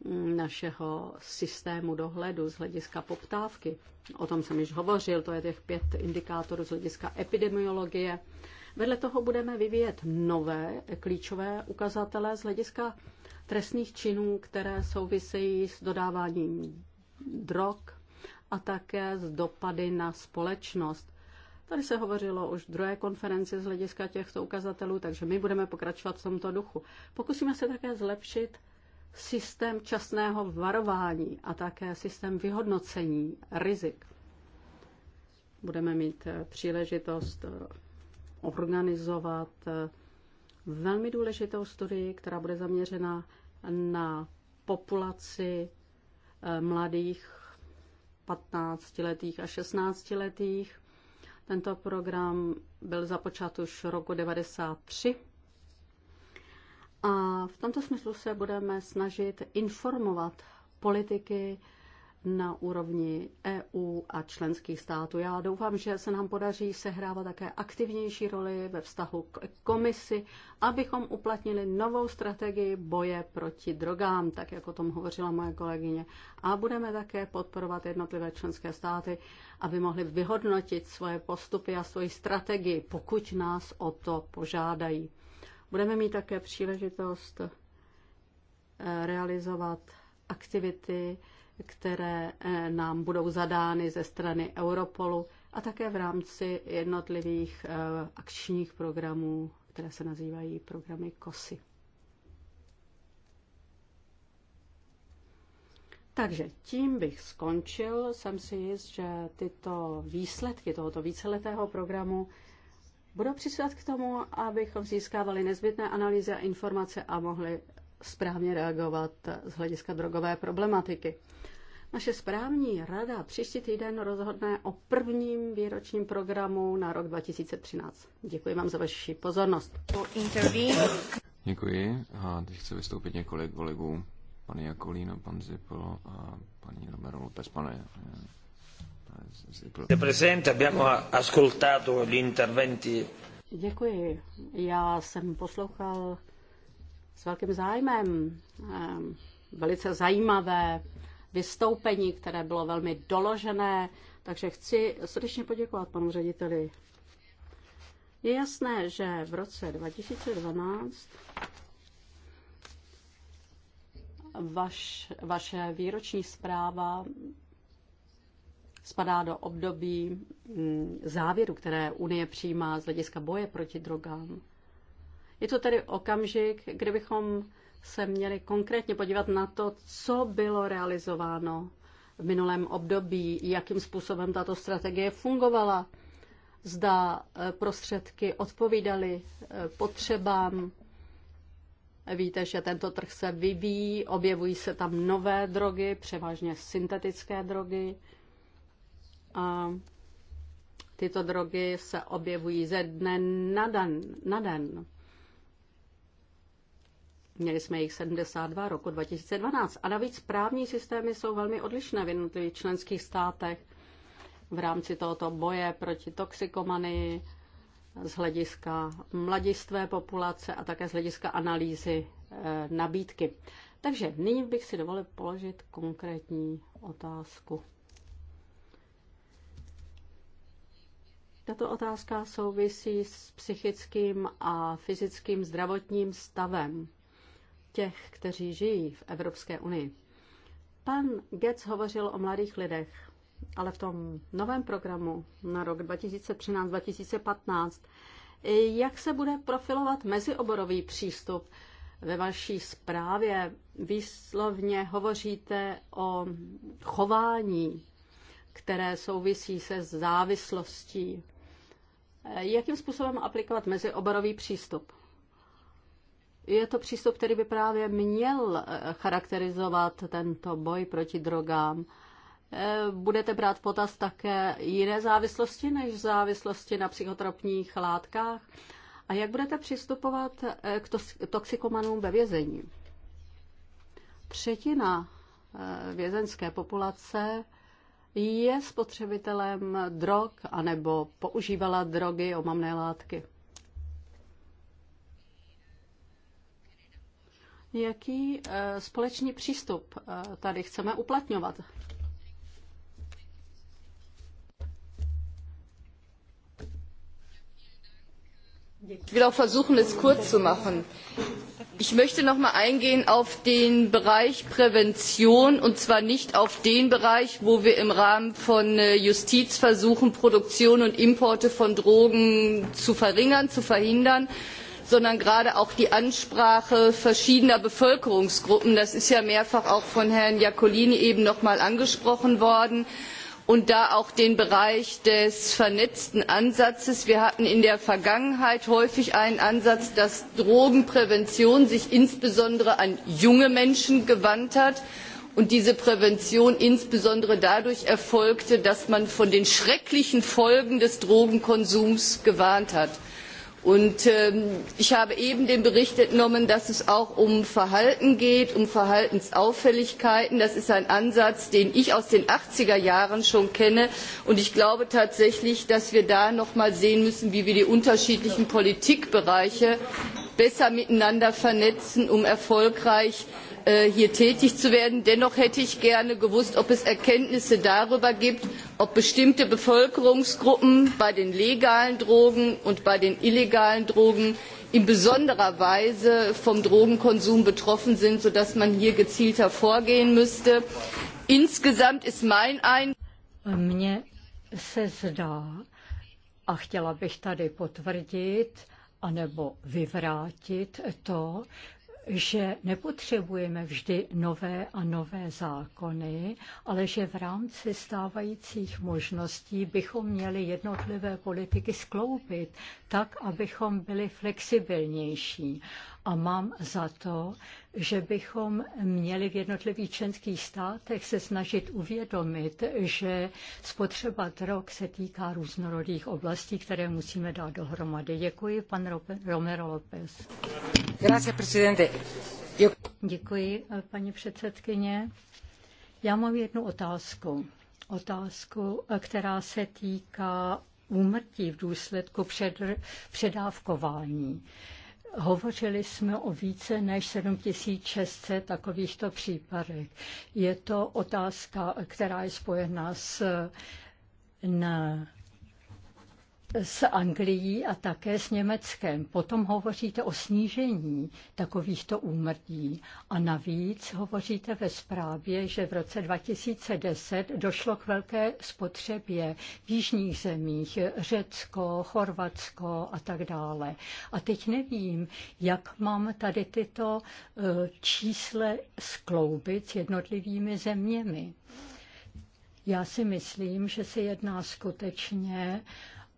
Mm, našeho systému dohledu z hlediska poptávky. O tom jsem již hovořil, to je těch pět indikátorů z hlediska epidemiologie. Vedle toho budeme vyvíjet nové klíčové ukazatele z hlediska trestných činů, které souvisejí s dodáváním drog a také s dopady na společnost. Tady se hovořilo už v druhé konferenci z hlediska těchto ukazatelů, takže my budeme pokračovat v tomto duchu. Pokusíme se také zlepšit systém časného varování a také systém vyhodnocení rizik. Budeme mít eh, příležitost eh, organizovat eh, velmi důležitou studii, která bude zaměřena na populaci mladých 15-letých a 16-letých. Tento program byl započat už roku 1993 a v tomto smyslu se budeme snažit informovat politiky na úrovni EU a členských států. Já doufám, že se nám podaří sehrávat také aktivnější roli ve vztahu k komisi, abychom uplatnili novou strategii boje proti drogám, tak jak o tom hovořila moje kolegyně. A budeme také podporovat jednotlivé členské státy, aby mohli vyhodnotit svoje postupy a svoji strategii, pokud nás o to požádají. Budeme mít také příležitost eh, realizovat aktivity, které eh, nám budou zadány ze strany Europolu a také v rámci jednotlivých eh, akčních programů, které se nazývají programy KOSY. Takže tím bych skončil. Jsem si jist, že tyto výsledky tohoto víceletého programu budou přispívat k tomu, abychom získávali nezbytné analýzy a informace a mohli správně reagovat z hlediska drogové problematiky. Naše správní rada příští týden rozhodne o prvním výročním programu na rok 2013. Děkuji vám za vaši pozornost. Děkuji. A teď chce vystoupit několik kolegů. Pan Jakolín, pan Zipl a paní Romero Lopez. Pane Děkuji. Já jsem poslouchal s velkým zájmem ehm, velice zajímavé vystoupení, které bylo velmi doložené, takže chci srdečně poděkovat panu řediteli. Je jasné, že v roce 2012 vaš, vaše výroční zpráva spadá do období mm, závěru, které Unie přijímá z hlediska boje proti drogám. Je to tedy okamžik, kde bychom se měli konkrétně podívat na to, co bylo realizováno v minulém období, jakým způsobem tato strategie fungovala, zda eh, prostředky odpovídaly eh, potřebám. Víte, že tento trh se vyvíjí, objevují se tam nové drogy, převážně syntetické drogy tyto drogy se objevují ze dne na den. Na den. Měli jsme jich 72 roku 2012. A navíc právní systémy jsou velmi odlišné v jednotlivých členských státech v rámci tohoto boje proti toxikomanii z hlediska mladistvé populace a také z hlediska analýzy eh, nabídky. Takže nyní bych si dovolil položit konkrétní otázku. Tato otázka souvisí s psychickým a fyzickým zdravotním stavem těch, kteří žijí v Evropské unii. Pan Getz hovořil o mladých lidech, ale v tom novém programu na rok 2013-2015, jak se bude profilovat mezioborový přístup? Ve vaší zprávě výslovně hovoříte o chování, které souvisí se závislostí. Eh, jakým způsobem aplikovat mezioborový přístup. Je to přístup, který by právě měl eh, charakterizovat tento boj proti drogám. Eh, budete brát potaz také jiné závislosti než závislosti na psychotropních látkách? A jak budete přistupovat k toxikomanům ve vězení? Třetina vězenské populace je spotřebitelem drog anebo používala drogy, omamné látky. Jaký eh, společný přístup eh, tady chceme uplatňovat? Ich will auch versuchen, es kurz zu machen. Ich möchte noch einmal eingehen auf den Bereich Prävention und zwar nicht auf den Bereich, wo wir im Rahmen von äh, Justiz versuchen, Produktion und Importe von Drogen zu verringern, zu verhindern, sondern gerade auch die Ansprache verschiedener Bevölkerungsgruppen. Das ist ja mehrfach auch von Herrn Iacolini eben noch einmal angesprochen worden und da auch den bereich des vernetzten ansatzes wir hatten in der vergangenheit häufig einen ansatz dass sich drogenprävention insbesondere an junge menschen gewandt hat und diese prävention insbesondere dadurch erfolgte dass man vor den schrecklichen folgen des drogenkonsums gewarnt hat. Und ähm, ich habe eben den Bericht entnommen, dass es auch um Verhalten geht, um Verhaltensauffälligkeiten. Das ist ein Ansatz, den ich schon aus den achtzig er Jahren kenne. Und ich glaube tatsächlich, dass wir da noch einmal sehen müssen, wie wir die unterschiedlichen Politikbereiche besser miteinander vernetzen, um erfolgreich Äh, hier tätig zu werden. Dennoch hätte ich gerne gewusst, ob es Erkenntnisse darüber gibt, ob bestimmte Bevölkerungsgruppen bei den legalen Drogen und bei den illegalen Drogen in besonderer Weise vom Drogenkonsum betroffen sind, sodass man hier gezielter vorgehen müsste. Insgesamt ist mein Eindruck že nepotřebujeme vždy nové a nové zákony, ale že v rámci stávajících možností bychom měli jednotlivé politiky skloupit tak, abychom byli flexibilnější. A mám za to, že bychom měli v jednotlivých členských státech se snažit uvědomit, že spotřeba drog se týká různorodých oblastí, které musíme dát dohromady. Děkuji, pan Romero López. Děkuji, paní předsedkyně. Já mám jednu otázku. Otázku, která se týká úmrtí v důsledku před, předávkování. Hovořili jsme o více než 7600 takovýchto případech. Je to otázka, která je spojená s na s Anglií a také s Německem. Potom hovoříte o snížení takovýchto úmrtí. A navíc hovoříte ve zprávě, že v roce 2010 došlo k velké spotřebě v jižních zemích, Řecko, Chorvatsko a tak dále. A teď nevím, jak mám tady tyto e, čísle skloubit s jednotlivými zeměmi. Já si myslím, že se jedná skutečně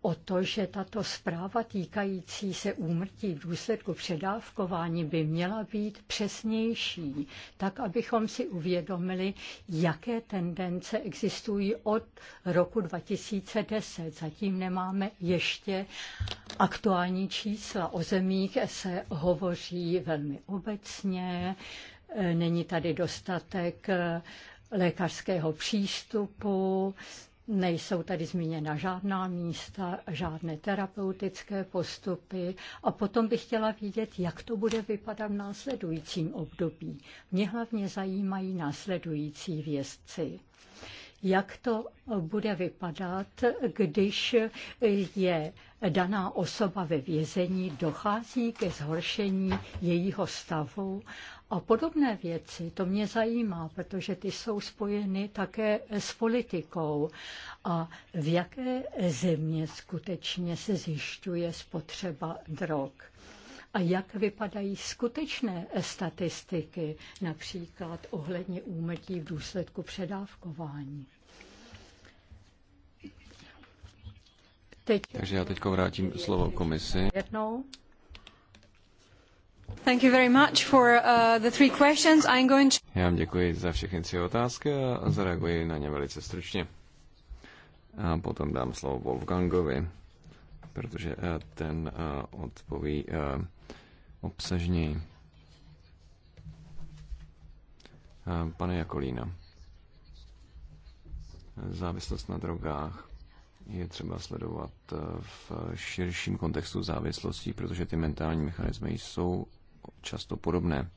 o to, že tato zpráva týkající se úmrtí v důsledku předávkování by měla být přesnější, tak abychom si uvědomili, jaké tendence existují od roku 2010. Zatím nemáme ještě aktuální čísla. O zemích se hovoří velmi obecně, není tady dostatek lékařského přístupu, Nejsou tady zmíněna žádná místa, žádné terapeutické postupy a potom bych chtěla vidět, jak to bude vypadat v následujícím období. Mě hlavně zajímají následující vězci jak to bude vypadat, když je daná osoba ve vězení, dochází ke zhoršení jejího stavu a podobné věci, to mě zajímá, protože ty jsou spojeny také s politikou. A v jaké země skutečně se zjišťuje spotřeba drog? a jak vypadají skutečné statistiky, například ohledně úmrtí v důsledku předávkování. Teď... Takže já teď vrátím slovo komisi. Jednou. Thank you very much for uh, the three questions. I'm going to... Já vám děkuji za všechny tři otázky a zareaguji na ně velice stručně. A potom dám slovo Wolfgangovi, protože eh, ten eh, odpoví eh, obsažněji. Pane Jakolína, závislost na drogách je třeba sledovat e, v širším kontextu závislostí, protože ty mentální mechanismy jsou často podobné.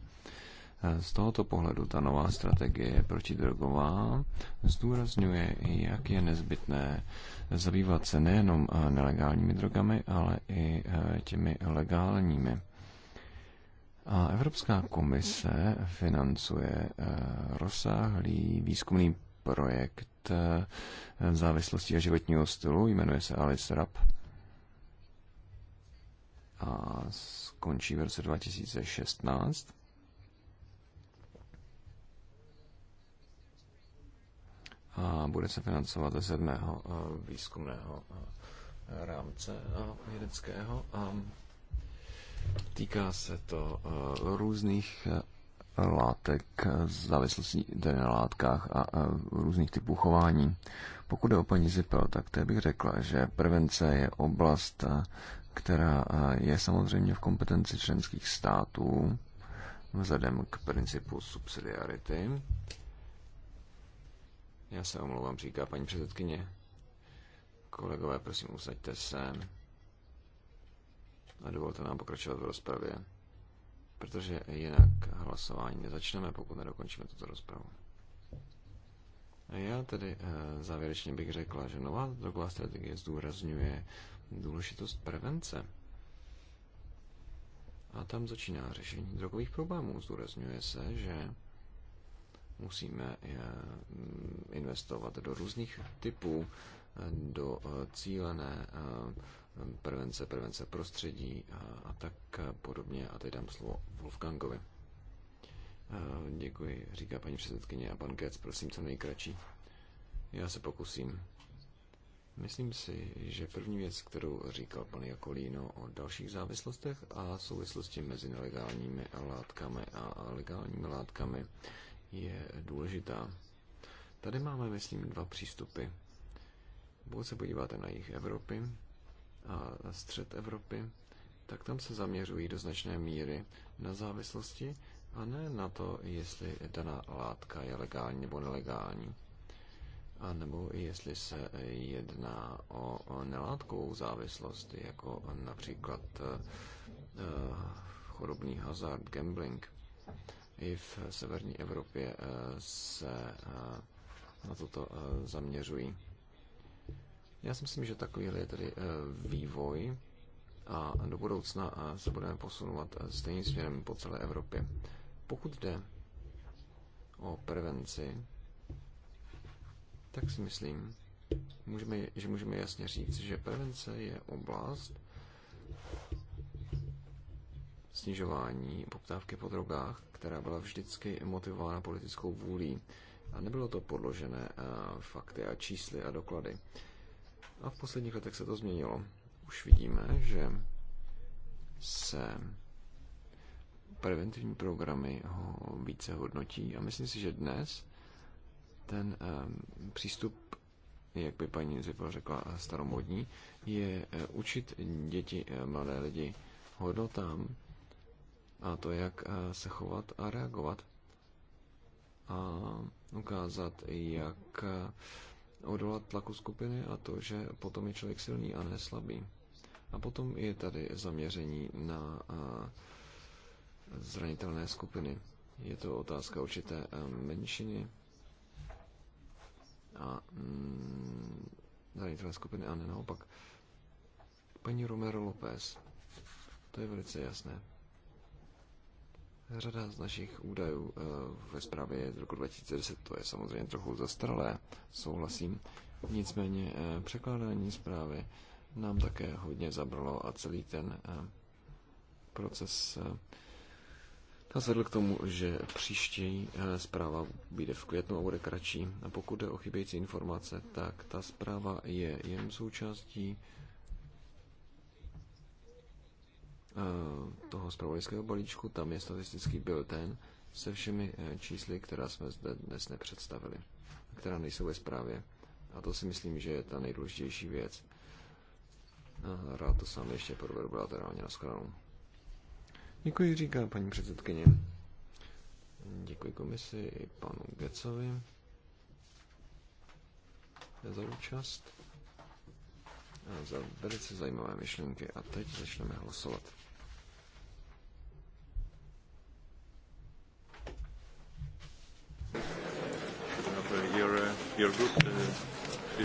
E, z tohoto pohledu ta nová strategie protidrogová zdůrazňuje, jak je nezbytné zabývat se nejenom e, nelegálními drogami, ale i těmi legálními. A Evropská komise financuje eh, rozsáhlý výzkumný projekt eh, závislosti a životního stylu, jmenuje se Alice Rapp a skončí v roce 2016. A bude se financovat ze sedmého eh, výzkumného rámce vědeckého. A Týká se to eh, různých eh, látek, eh, závislostí na látkách a různých typů chování. Pokud jde o paní Zipel, tak to bych řekla, že prevence je oblast, která je samozřejmě v kompetenci členských států vzhledem k principu subsidiarity. Já se omlouvám, říká paní předsedkyně. Kolegové, prosím, usaďte se. A dovolte nám pokračovat v rozpravě, protože jinak hlasování nezačneme, pokud nedokončíme tuto rozpravu. Já tedy eh, závěrečně bych řekla, že nová drogová strategie zdůrazňuje důležitost prevence. A tam začíná řešení drogových problémů. Zdůrazňuje se, že musíme eh, investovat do různých typů, eh, do cílené prevence, prevence prostředí a, a tak podobně. A teď dám slovo Wolfgangovi. E, děkuji, říká paní předsedkyně a pan Getz, prosím, co nejkratší. Já se pokusím. Myslím si, že první věc, kterou říkal pan Jakolíno o dalších závislostech a souvislosti mezi nelegálními látkami a legálními látkami, je důležitá. Tady máme, myslím, dva přístupy. Pokud se podíváte na jejich Evropy, a střed Evropy, tak tam se zaměřují do značné míry na závislosti a ne na to, jestli daná látka je legální nebo nelegální, a nebo jestli se jedná o, nelátkovou závislost, jako například eh, eh, chorobný hazard, gambling. I v severní Evropě eh, se na toto zaměřují. Já si myslím, že takový je tady eh, vývoj a do budoucna eh, se budeme posunovat eh, stejným směrem po celé Evropě. Pokud jde o prevenci, tak si myslím, můžeme, že můžeme jasně říct, že prevence je oblast snižování poptávky po drogách, která byla vždycky motivována politickou vůlí. A nebylo to podložené fakty a čísly a doklady. A v posledních letech se to změnilo. Už vidíme, že se preventivní programy ho více hodnotí a myslím si, že dnes ten um, přístup, jak by paní Zipel řekla, staromodní, je eh, učit děti, eh, mladé lidi hodnotám a to, jak eh, se chovat a reagovat a ukázat, jak odolat tlaku skupiny a to, že potom je člověk silný a ne slabý. A potom je tady zaměření na zranitelné skupiny. Je to otázka určité menšiny a mm, zranitelné skupiny a ne naopak. Paní Romero López, to je velice jasné. Řada z našich údajů eh, ve zprávě z roku 2010, to je samozřejmě trochu zastaralé, souhlasím. Nicméně eh, překládání zprávy nám také hodně zabralo a celý ten eh, proces nás vedl k tomu, že příští zpráva bude v květnu a bude kratší. A pokud jde o chybějící informace, tak ta zpráva je jen součástí Eh, toho zpravodajského balíčku, tam je statistický bulletin se všemi eh, čísly, která jsme zde dnes nepředstavili, která nejsou ve zprávě. A to si myslím, že je ta nejdůležitější věc. rád to sám ještě provedu bilaterálně na shledanou. Děkuji, říká paní předsedkyně. Děkuji komisi i panu Gecovi za účast a za velice zajímavé myšlenky. A teď začneme hlasovat. peer group. Uh,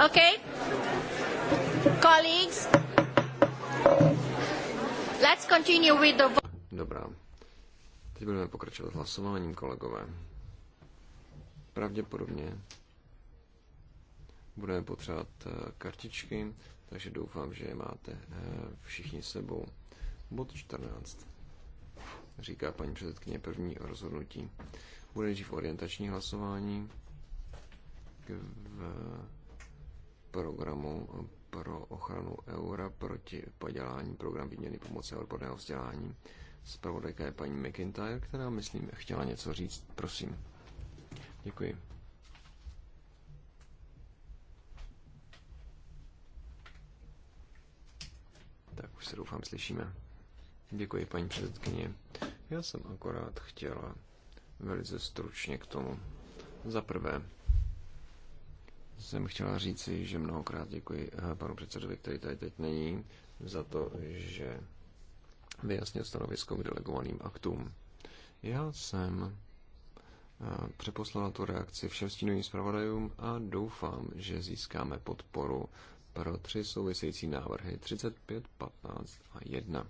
Okay? Colleagues, let's continue with the Dobrá. Teď budeme pokračovat hlasováním, kolegové. Pravděpodobně budeme potřebovat eh, kartičky, takže doufám, že je máte eh, všichni sebou. Bod 14, říká paní předsedkyně první rozhodnutí. Bude nejdřív orientační hlasování v programu pro ochranu eura proti padělání, program výměny pomoci a odborného vzdělání. Zpravodajka je paní McIntyre, která, myslím, chtěla něco říct. Prosím. Děkuji. Tak už se doufám slyšíme. Děkuji, paní předsedkyně. Já jsem akorát chtěla velice stručně k tomu. Za prvé, jsem chtěla říci, že mnohokrát děkuji eh, panu předsedovi, který tady teď není, za to, že vyjasnil stanovisko k delegovaným aktům. Já jsem eh, přeposlala tu reakci všem stínovým zpravodajům a doufám, že získáme podporu pro tři související návrhy 35, 15 a 1,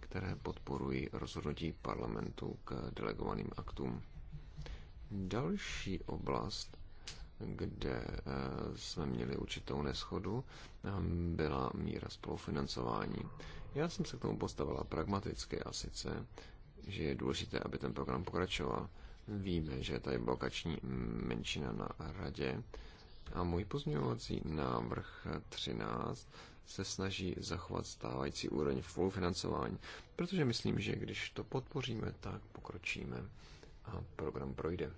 které podporují rozhodnutí parlamentu k delegovaným aktům. Další oblast kde eh, jsme měli určitou neschodu, byla míra spolufinancování. Já jsem se k tomu postavila pragmaticky a sice, že je důležité, aby ten program pokračoval. Víme, že je tady blokační menšina na radě a můj pozměňovací návrh 13 se snaží zachovat stávající úroveň spolufinancování, protože myslím, že když to podpoříme, tak pokročíme a program projde.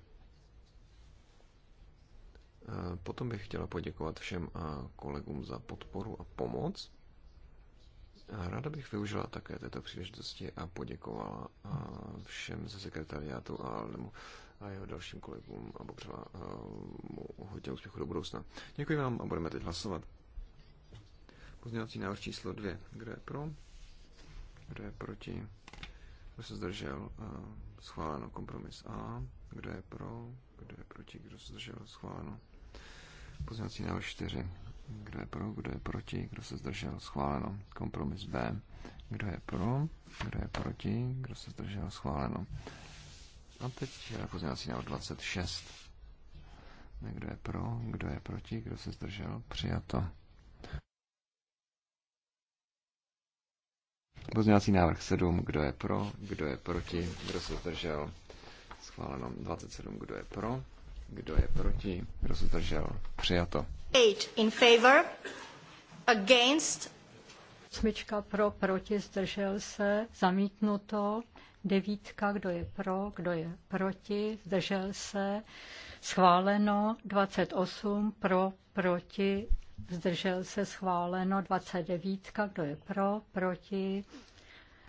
Eh, potom bych chtěla poděkovat všem a eh, kolegům za podporu a pomoc. Ráda bych využila také této příležitosti a poděkovala eh, všem ze sekretariátu a a jeho dalším kolegům a popřela mu hodně úspěchu do budoucna. Děkuji vám a budeme teď hlasovat. Pozměňovací návrh číslo dvě, Kdo je pro? Kdo je proti? Kdo se zdržel? Schváleno kompromis A. Kdo je pro? Kdo je proti? Kdo se zdržel? Schváleno. Pozměňovací návrh 4. Kdo je pro, kdo je proti, kdo se zdržel, schváleno. Kompromis B. Kdo je pro, kdo je proti, kdo se zdržel, schváleno. A teď eh, pozměňovací návrh 26. Kdo je pro, kdo je proti, kdo se zdržel, přijato. Pozměňovací návrh 7. Kdo je pro, kdo je proti, kdo se zdržel, schváleno. 27. Kdo je pro, kdo je proti? Kdo se zdržel? Přijato. 8 in favor, against. Smyčka pro, proti, zdržel se, zamítnuto. Devítka, kdo je pro, kdo je proti, zdržel se, schváleno. 28 pro, proti, zdržel se, schváleno. 29, kdo je pro, proti,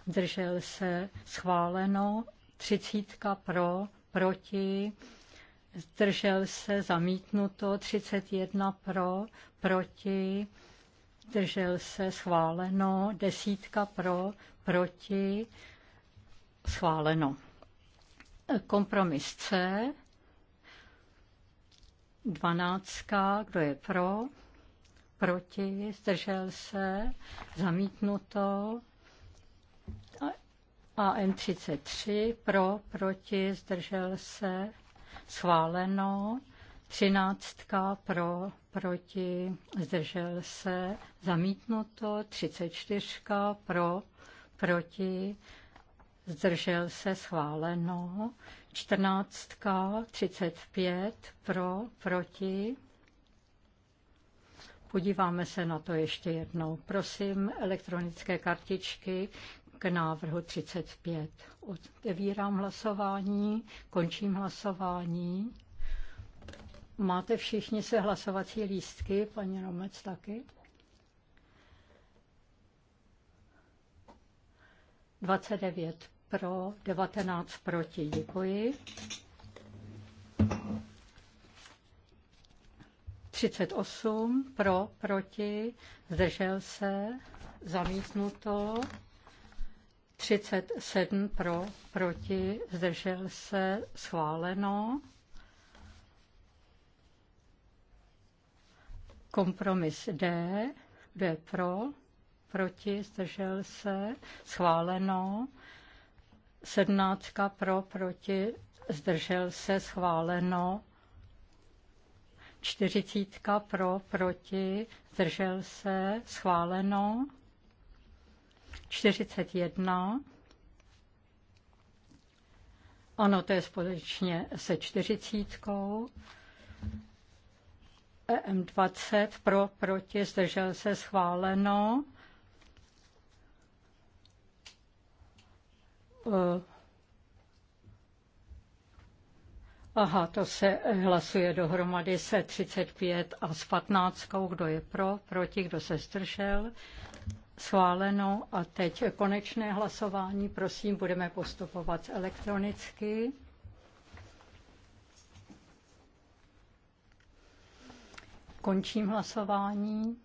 zdržel se, schváleno. 30 pro, proti, zdržel se, zamítnuto, 31 pro, proti, zdržel se, schváleno, desítka pro, proti, schváleno. Kompromis C, 12, kdo je pro, proti, zdržel se, zamítnuto, a M33 pro, proti, zdržel se, schváleno, třináctka pro, proti, zdržel se, zamítnuto, třicet čtyřka pro, proti, zdržel se, schváleno, čtrnáctka, třicet pět pro, proti, Podíváme se na to ještě jednou. Prosím, elektronické kartičky k návrhu 35. Otevírám hlasování, končím hlasování. Máte všichni se hlasovací lístky, paní Romec taky? 29 pro, 19 proti. Děkuji. 38 pro, proti, zdržel se, zamítnuto. 37 pro, proti, zdržel se, schváleno. Kompromis D, B pro, proti, zdržel se, schváleno. 17 pro, proti, zdržel se, schváleno. 40 pro, proti, zdržel se, schváleno. 41. Ano, to je společně se 40. EM20 pro, proti, zdržel se schváleno. E, aha, to se hlasuje dohromady se 35 a s 15. Kdo je pro, proti, kdo se zdržel, Schváleno a teď konečné hlasování. Prosím, budeme postupovat elektronicky. Končím hlasování.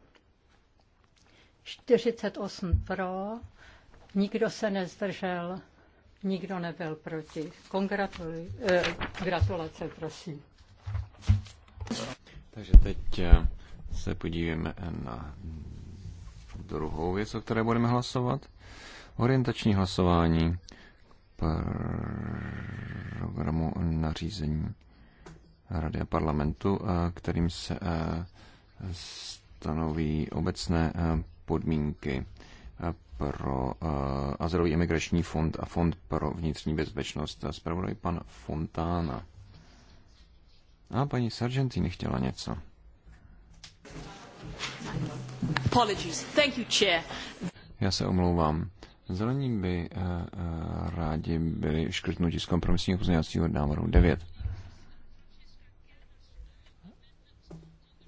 48 pro, nikdo se nezdržel, nikdo nebyl proti. eh, gratulace, prosím. Takže teď eh, se podívejme na druhou věc, o které budeme hlasovat. Orientační hlasování programu nařízení Rady a parlamentu, eh, kterým se eh, stanoví obecné eh, podmínky pro Azylový imigrační fond a fond pro vnitřní bezpečnost. Zpravodaj pan Fontána. A paní Sargentini chtěla něco. Já se omlouvám. Zelení by uh, rádi byli škrtnuti z kompromisního pozměňovacího návrhu 9.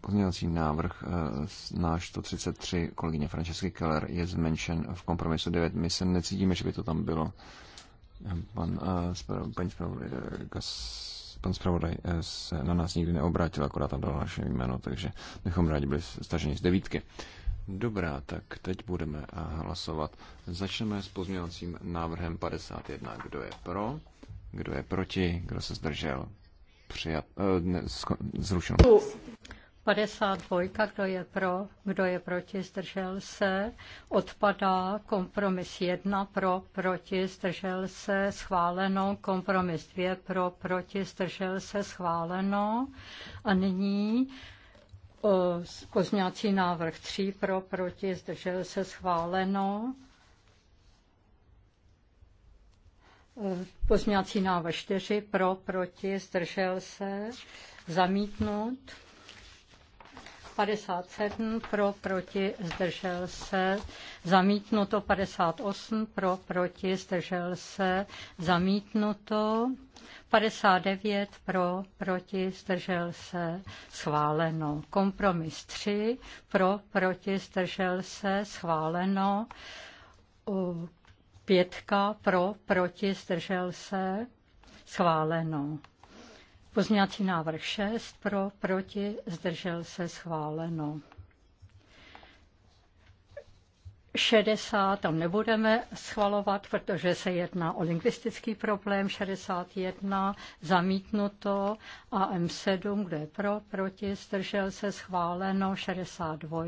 Pozměňovací návrh uh, na 133 kolegyně Francesky Keller je zmenšen v kompromisu 9. My se necítíme, že by to tam bylo. Pan, uh, paní zpravodajka pan zpravodaj eh, se na nás nikdy neobrátil, akorát tam dal naše jméno, takže bychom rádi byli staženi z devítky. Dobrá, tak teď budeme eh, hlasovat. Začneme s pozměňovacím návrhem 51. Kdo je pro? Kdo je proti? Kdo se zdržel? Přijat, eh, ne, zrušil. 52, kdo je pro, kdo je proti, zdržel se. Odpadá kompromis 1 pro, proti, zdržel se, schváleno. Kompromis 2 pro, proti, zdržel se, schváleno. A nyní pozňací návrh 3 pro, proti, zdržel se, schváleno. Pozměňovací návrh 4 pro, proti, zdržel se, zamítnut. 57 pro, proti, zdržel se, zamítnuto 58 pro, proti, zdržel se, zamítnuto 59 pro, proti, zdržel se, schváleno. Kompromis 3 pro, proti, zdržel se, schváleno. Pětka pro, proti, zdržel se, schváleno. Pozměňovací návrh 6 pro, proti, zdržel se schváleno. 60 tam nebudeme schvalovat, protože se jedná o lingvistický problém. 61 zamítnuto a M7, kde je pro, proti, zdržel se schváleno. 62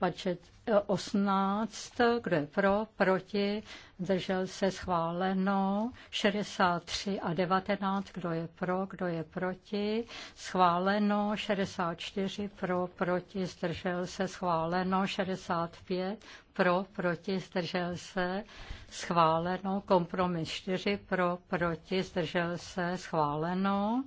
Budget 18, eh, kdo je pro, proti, zdržel se schváleno, 63 a 19, kdo je pro, kdo je proti, schváleno, 64 pro, proti, zdržel se schváleno, 65 pro, proti, zdržel se schváleno, kompromis 4 pro, proti, zdržel se schváleno.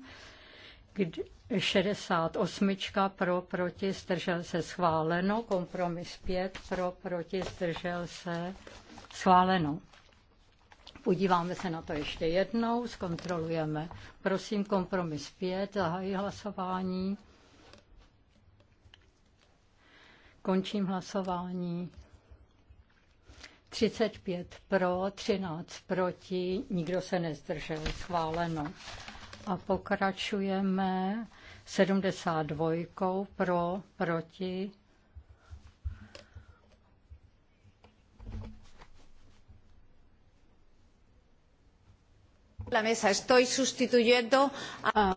68 pro, proti, zdržel se schváleno. Kompromis 5 pro, proti, zdržel se schváleno. Podíváme se na to ještě jednou, zkontrolujeme. Prosím, kompromis 5, zahají hlasování. Končím hlasování. 35 pro, 13 proti, nikdo se nezdržel, schváleno. A pokračujeme 72 pro, proti. La mesa, estoy sustituyendo a...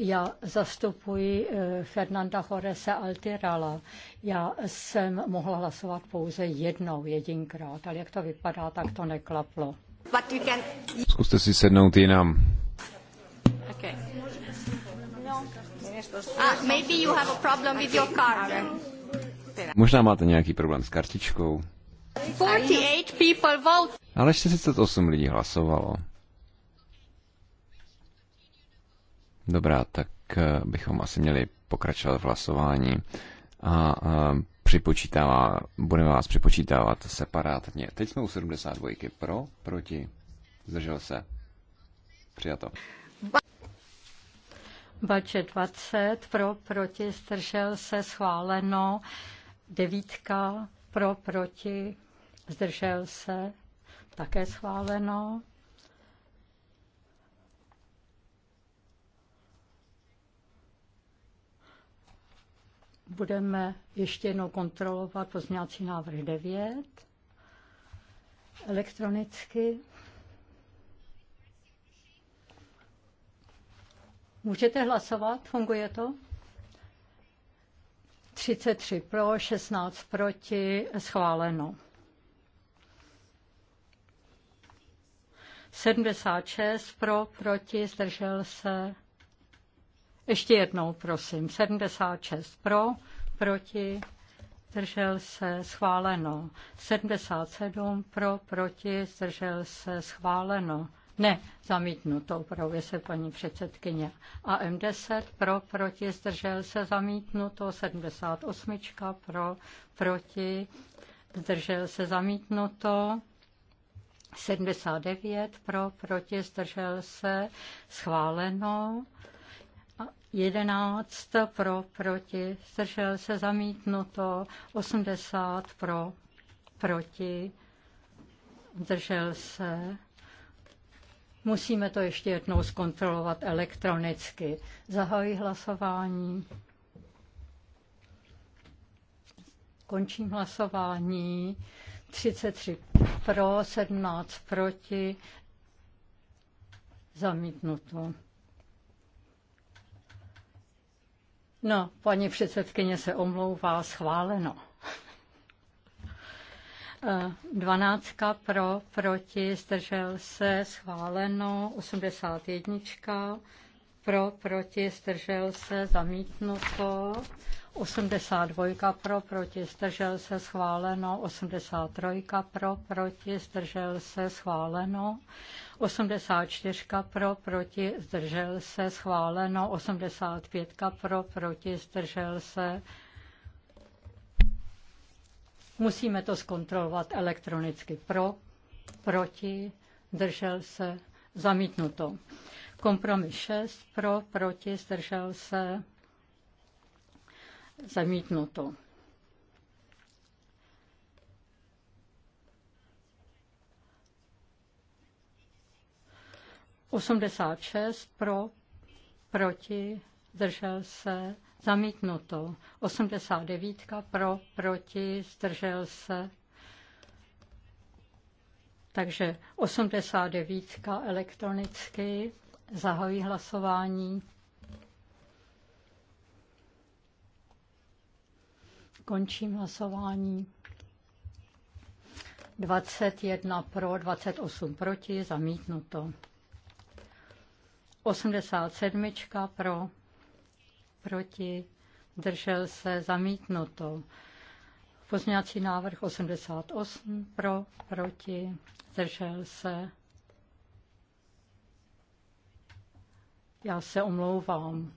Já zastupuji eh, Fernanda Horese Altirala. Já jsem mohla hlasovat pouze jednou, jedinkrát, ale jak to vypadá, tak to neklaplo. Zkuste si sednout jinam. Ah, Možná máte nějaký problém s kartičkou. 48 people vote. Ale 48 lidí hlasovalo. Dobrá, tak eh, bychom asi měli pokračovat v hlasování. A, a eh, připočítává, budeme vás připočítávat separátně. Teď jsme u 72. Pro, proti, zdržel se. Přijato. Bače 20, pro, proti, zdržel se, schváleno. Devítka, pro, proti, zdržel se, také schváleno. budeme ještě jednou kontrolovat pozměňovací návrh 9 elektronicky. Můžete hlasovat? Funguje to? 33 pro, 16 proti, schváleno. 76 pro, proti, zdržel se, ještě jednou, prosím. 76 pro, proti, zdržel se, schváleno. 77 pro, proti, zdržel se, schváleno. Ne, zamítnuto, opravuje se paní předsedkyně. A M10 pro, proti, zdržel se, zamítnuto. 78 pro, proti, zdržel se, zamítnuto. 79 pro, proti, zdržel se, schváleno. 11 pro, proti, zdržel se zamítnuto, 80 pro, proti, zdržel se. Musíme to ještě jednou zkontrolovat elektronicky. Zahajuji hlasování. Končím hlasování. 33 pro, 17 proti, zamítnuto. No, paní předsedkyně se omlouvá, schváleno. Eh, dvanáctka pro, proti, zdržel se, schváleno. 81 pro, proti, zdržel se, zamítnuto. 82 pro, proti, zdržel se, schváleno. 83 pro, proti, zdržel se, schváleno. 84 pro, proti, zdržel se, schváleno. 85 pro, proti, zdržel se. Musíme to zkontrolovat elektronicky. Pro, proti, zdržel se, zamítnuto. Kompromis 6 pro, proti, zdržel se, zamítnuto. 86 pro, proti, zdržel se, zamítnuto. 89 pro, proti, zdržel se. Takže 89 elektronicky, zahojí hlasování. Končím hlasování. 21 pro, 28 proti, zamítnuto. 87 pro, proti, zdržel se, zamítnuto. Pozměňovací návrh 88 pro, proti, zdržel se. Já se omlouvám.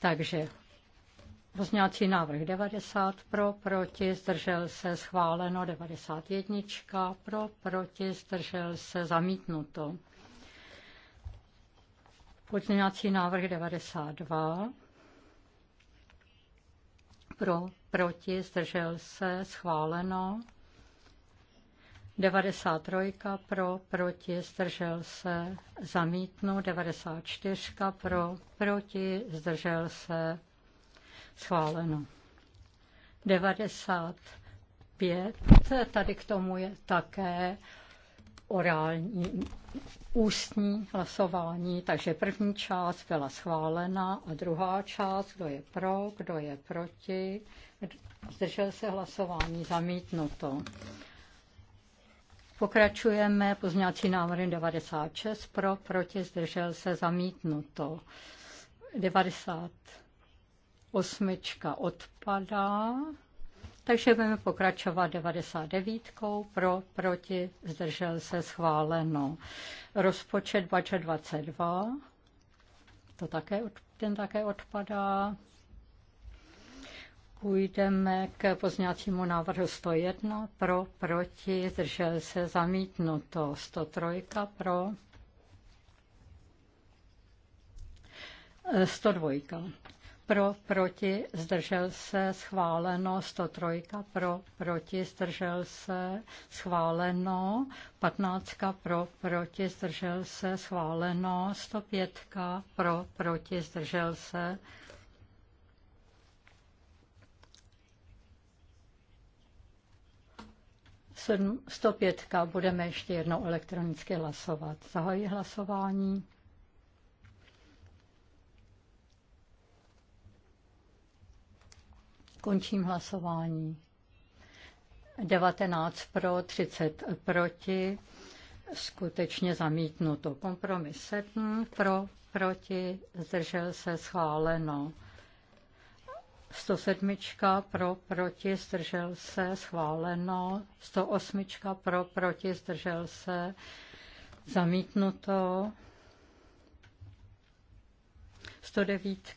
Takže pozměňovací návrh 90 pro, proti, zdržel se, schváleno 91, pro, proti, zdržel se, zamítnuto. Pozměňovací návrh 92. Pro, proti, zdržel se, schváleno. 93 pro, proti, zdržel se, zamítnu. 94 pro, proti, zdržel se, schváleno. 95, tady k tomu je také orální ústní hlasování, takže první část byla schválena a druhá část, kdo je pro, kdo je proti, zdržel se hlasování, zamítnuto. Pokračujeme pozměňovací návrhy 96 pro, proti, zdržel se, zamítnuto. 98 odpadá, takže budeme pokračovat 99. Pro, proti, zdržel se schváleno. Rozpočet 2022. 22. To také, ten také odpadá. Půjdeme k pozněcímu návrhu 101. Pro, proti, zdržel se zamítnuto. 103. Pro, 102 pro, proti, zdržel se, schváleno, 103 pro, proti, zdržel se, schváleno, 15 pro, proti, zdržel se, schváleno, 105 pro, proti, zdržel se, Sedm, 105 budeme ještě jednou elektronicky hlasovat. Zahají hlasování. Končím hlasování. 19 pro, 30 proti. Skutečně zamítnuto. Kompromis 7 pro, proti, zdržel se schváleno. 107 pro, proti, zdržel se schváleno. 108 pro, proti, zdržel se zamítnuto. 109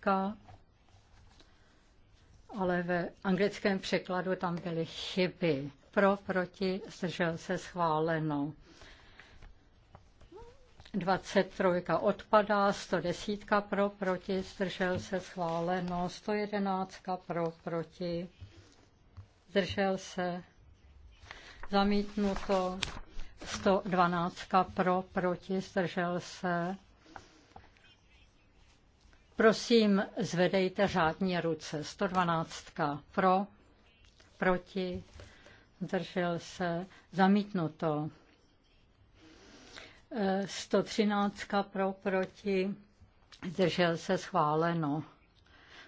ale ve anglickém překladu tam byly chyby. Pro, proti, zdržel se schváleno. 23 odpadá, 110 pro, proti, zdržel se schváleno, 111 pro, proti, zdržel se zamítnuto, 112 pro, proti, zdržel se Prosím, zvedejte řádně ruce. 112 pro, proti, zdržel se, zamítnuto. 113 e, pro, proti, zdržel se, schváleno.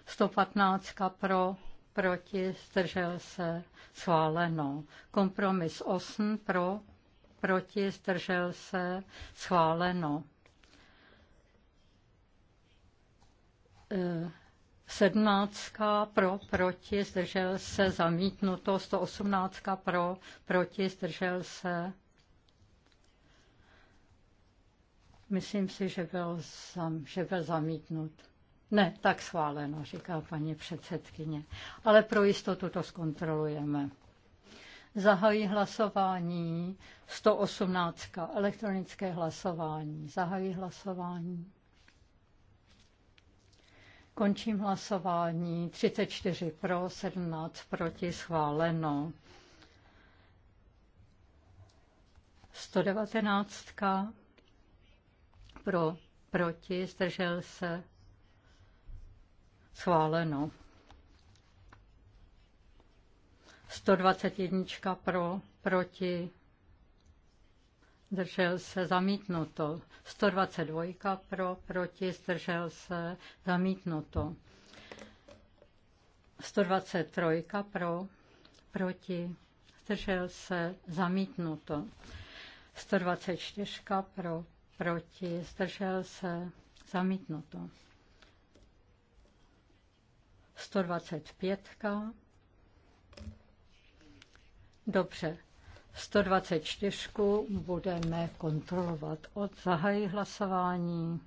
115 pro, proti, zdržel se, schváleno. Kompromis 8 pro, proti, zdržel se, schváleno. 17 pro, proti, zdržel se, zamítnuto, 118 pro, proti, zdržel se. Myslím si, že byl, zam, že byl zamítnut. Ne, tak schváleno, říká paní předsedkyně. Ale pro jistotu to zkontrolujeme. Zahají hlasování 118. Elektronické hlasování. Zahají hlasování. Končím hlasování. 34 pro, 17 proti, schváleno. 119 pro, proti, zdržel se, schváleno. 121 pro, proti, zdržel se, zamítnuto. 122 pro, proti, zdržel se, zamítnuto. 123 pro, proti, zdržel se, zamítnuto. 124 pro, proti, zdržel se, zamítnuto. 125. Dobře, 124 budeme kontrolovat od zahají hlasování.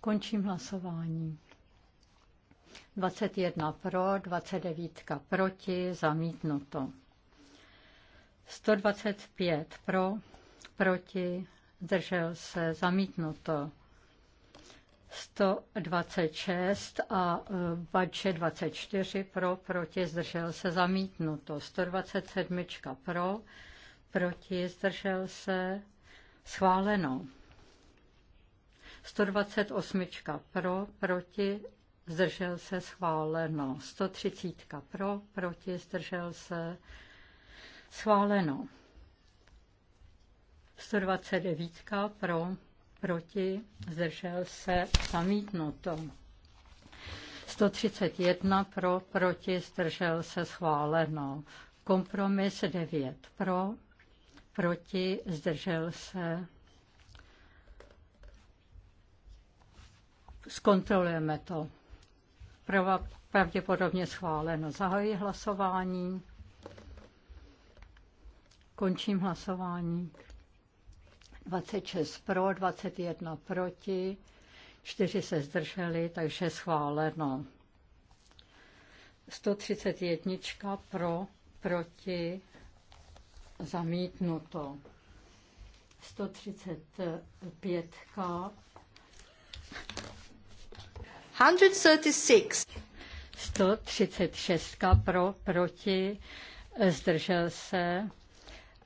Končím hlasování. 21 pro, 29 proti, zamítnuto. 125 pro, proti, zdržel se, zamítnuto. 126 a Bače eh, 24 pro, proti, zdržel se zamítnuto. 127 pro, proti, zdržel se schváleno. 128 pro, proti, zdržel se schváleno. 130 pro, proti, zdržel se schváleno. 129 pro, proti, zdržel se, zamítnuto. 131 pro, proti, zdržel se, schváleno. Kompromis 9 pro, proti, zdržel se. Zkontrolujeme to. Prava, pravděpodobně schváleno. Zahajuji hlasování. Končím hlasování. 26 pro, 21 proti, 4 se zdrželi, takže schváleno. 131 pro, proti, zamítnuto. 135 136. 136 pro, proti, zdržel se,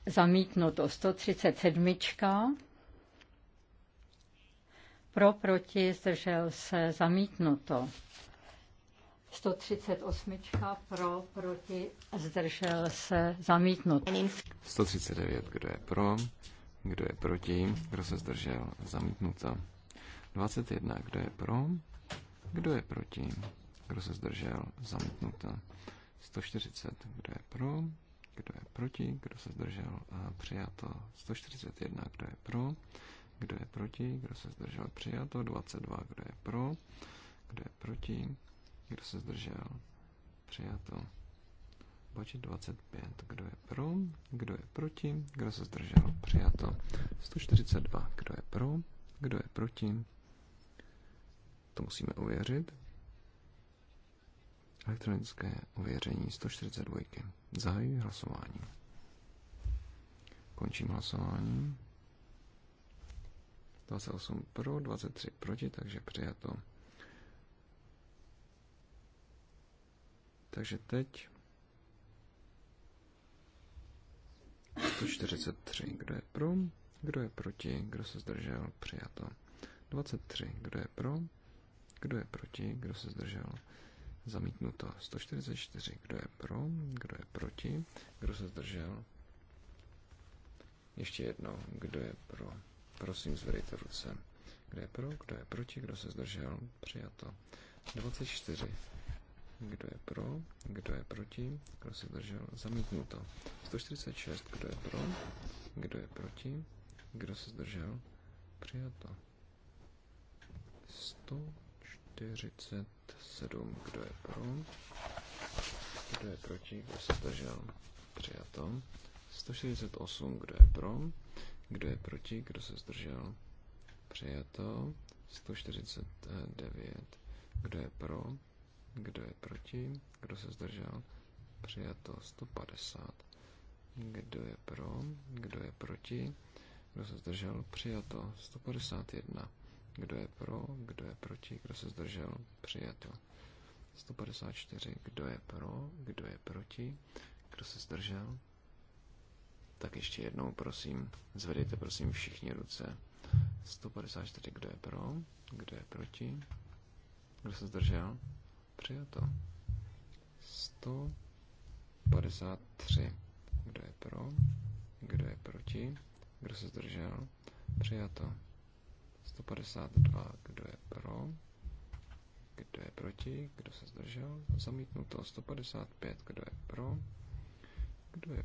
zamítnuto 137. Pro, proti, zdržel se, zamítnuto. 138. Pro, proti, zdržel se, zamítnuto. 139. Kdo je pro? Kdo je proti? Kdo se zdržel? Zamítnuto. 21. Kdo je pro? Kdo je proti? Kdo se zdržel? Zamítnuto. 140. Kdo je pro? kdo je proti, kdo se zdržel, přijato 141, kdo je pro, kdo je proti, kdo se zdržel, přijato 22, kdo je pro, kdo je proti, kdo se zdržel, přijato Boči 25. Kdo je pro? Kdo je proti? Kdo se zdržel? Přijato. 142. Kdo je pro? Kdo je proti? To musíme ověřit. Elektronické ověření 142. Zahajuji hlasování. Končím hlasování. 28 pro, 23 proti, takže přijato. Takže teď 143, kdo je pro, kdo je proti, kdo se zdržel, přijato. 23, kdo je pro, kdo je proti, kdo se zdržel, Zamítnuto 144. Kdo je pro? Kdo je proti? Kdo se zdržel? Ještě jednou. Kdo je pro? Prosím, zvedejte ruce. Kdo je pro? Kdo je proti? Kdo se zdržel? Přijato. 24. Kdo je pro? Kdo je proti? Kdo se zdržel? Zamítnuto. 146. Kdo je pro? Kdo je proti? Kdo se zdržel? Přijato. 100. 47. Kdo je pro? Kdo je proti? Kdo se zdržel? Přijato. 168. Kdo je pro? Kdo je proti? Kdo se zdržel? Přijato. 149. Kdo je pro? Kdo je proti? Kdo se zdržel? Přijato. 150. Kdo je pro? Kdo je proti? Kdo se zdržel? Přijato. 151. Kdo je pro? Kdo je proti? Kdo se zdržel? Přijato. 154. Kdo je pro? Kdo je proti? Kdo se zdržel? Tak ještě jednou, prosím, zvedejte, prosím, všichni ruce. 154. Kdo je pro? Kdo je proti? Kdo se zdržel? Přijato. 153. Kdo je pro? Kdo je proti? Kdo se zdržel? Přijato. 152, kdo je pro, kdo je proti, kdo se zdržel, zamítnuto 155, kdo je pro, kdo je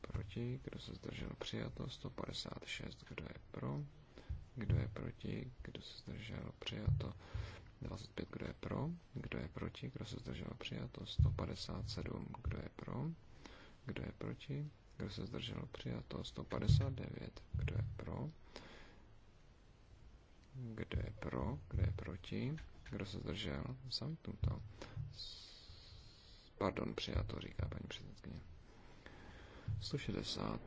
proti, kdo se zdržel, přijato 156, kdo je pro, kdo je proti, kdo se zdržel, přijato 25, kdo je pro, kdo je proti, kdo se zdržel, přijato 157, kdo je pro, kdo je proti, kdo se zdržel, přijato 159, kdo je pro, kde je pro, kde je proti, kdo se zdržel, zamítnuto. Pardon, přijato, říká paní předsedkyně. 160,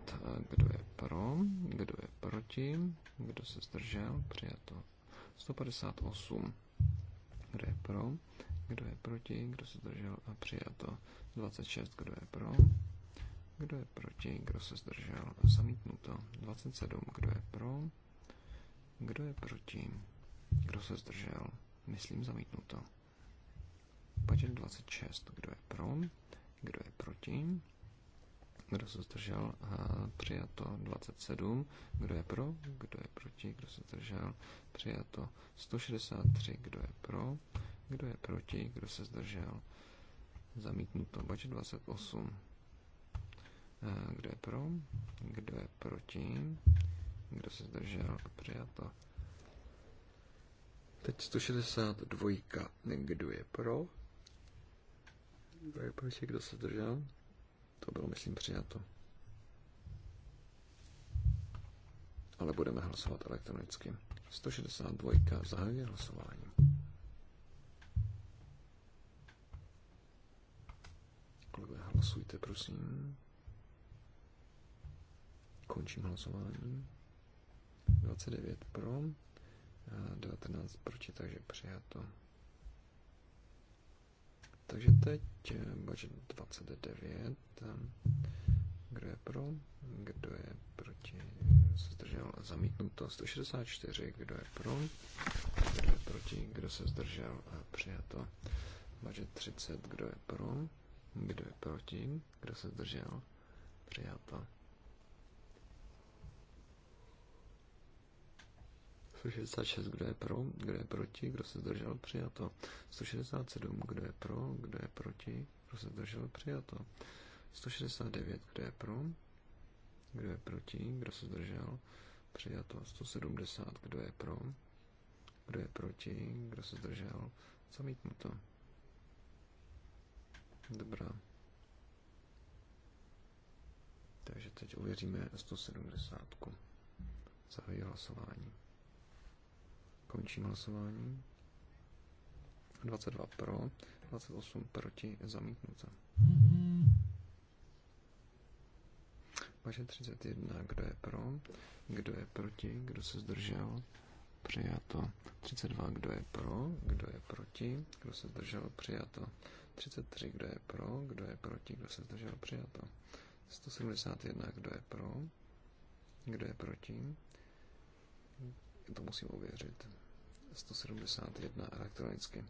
kdo je pro, kdo je proti, kdo se zdržel, přijato. 158, kdo je pro, kdo je proti, kdo se zdržel a přijato. 26, kdo je pro, kdo je proti, kdo se zdržel, zamítnuto. 27, kdo je pro, kdo je proti? Kdo se zdržel? Myslím zamítnuto. Budget 26. Kdo je pro? Kdo je proti? Kdo se zdržel? A přijato 27. Kdo je pro? Kdo je proti? Kdo se zdržel? Přijato 163. Kdo je pro? Kdo je proti? Kdo se zdržel? Zamítnuto. Budget 28. Eh, kdo je pro? Kdo je proti? Kdo se zdržel? Přijato. Teď 162. Kdo je pro? Kdo je Kdo se zdržel? To bylo, myslím, přijato. Ale budeme hlasovat elektronicky. 162. Zahajuje hlasování. Kolegové, hlasujte, prosím. Končím hlasování. 29 pro, 19 proti, takže přijato. Takže teď budget 29. Kdo je pro? Kdo je proti? Se zdržel zamítnuto 164. Kdo je pro? Kdo je proti? Kdo se zdržel a eh, přijato? Budget 30. Kdo je pro? Kdo je proti? Kdo se zdržel? Přijato. 166, kdo je pro, kdo je proti, kdo se zdržel, přijato. 167, kdo je pro, kdo je proti, kdo se zdržel, přijato. 169, kdo je pro, kdo je proti, kdo se zdržel, přijato. 170, kdo je pro, kdo je proti, kdo se zdržel, zamítnuto. Dobrá. Takže teď uvěříme 170. Zahajuji hlasování. Končím hlasování. 22 pro, 28 proti, zamítnuto. Vaše 31, kdo je pro, kdo je proti, kdo se zdržel, přijato. 32, kdo je pro, kdo je proti, kdo se zdržel, přijato. 33, kdo je pro, kdo je proti, kdo se zdržel, přijato. 171, kdo je pro, kdo je proti, to musím ověřit. 171 elektronicky.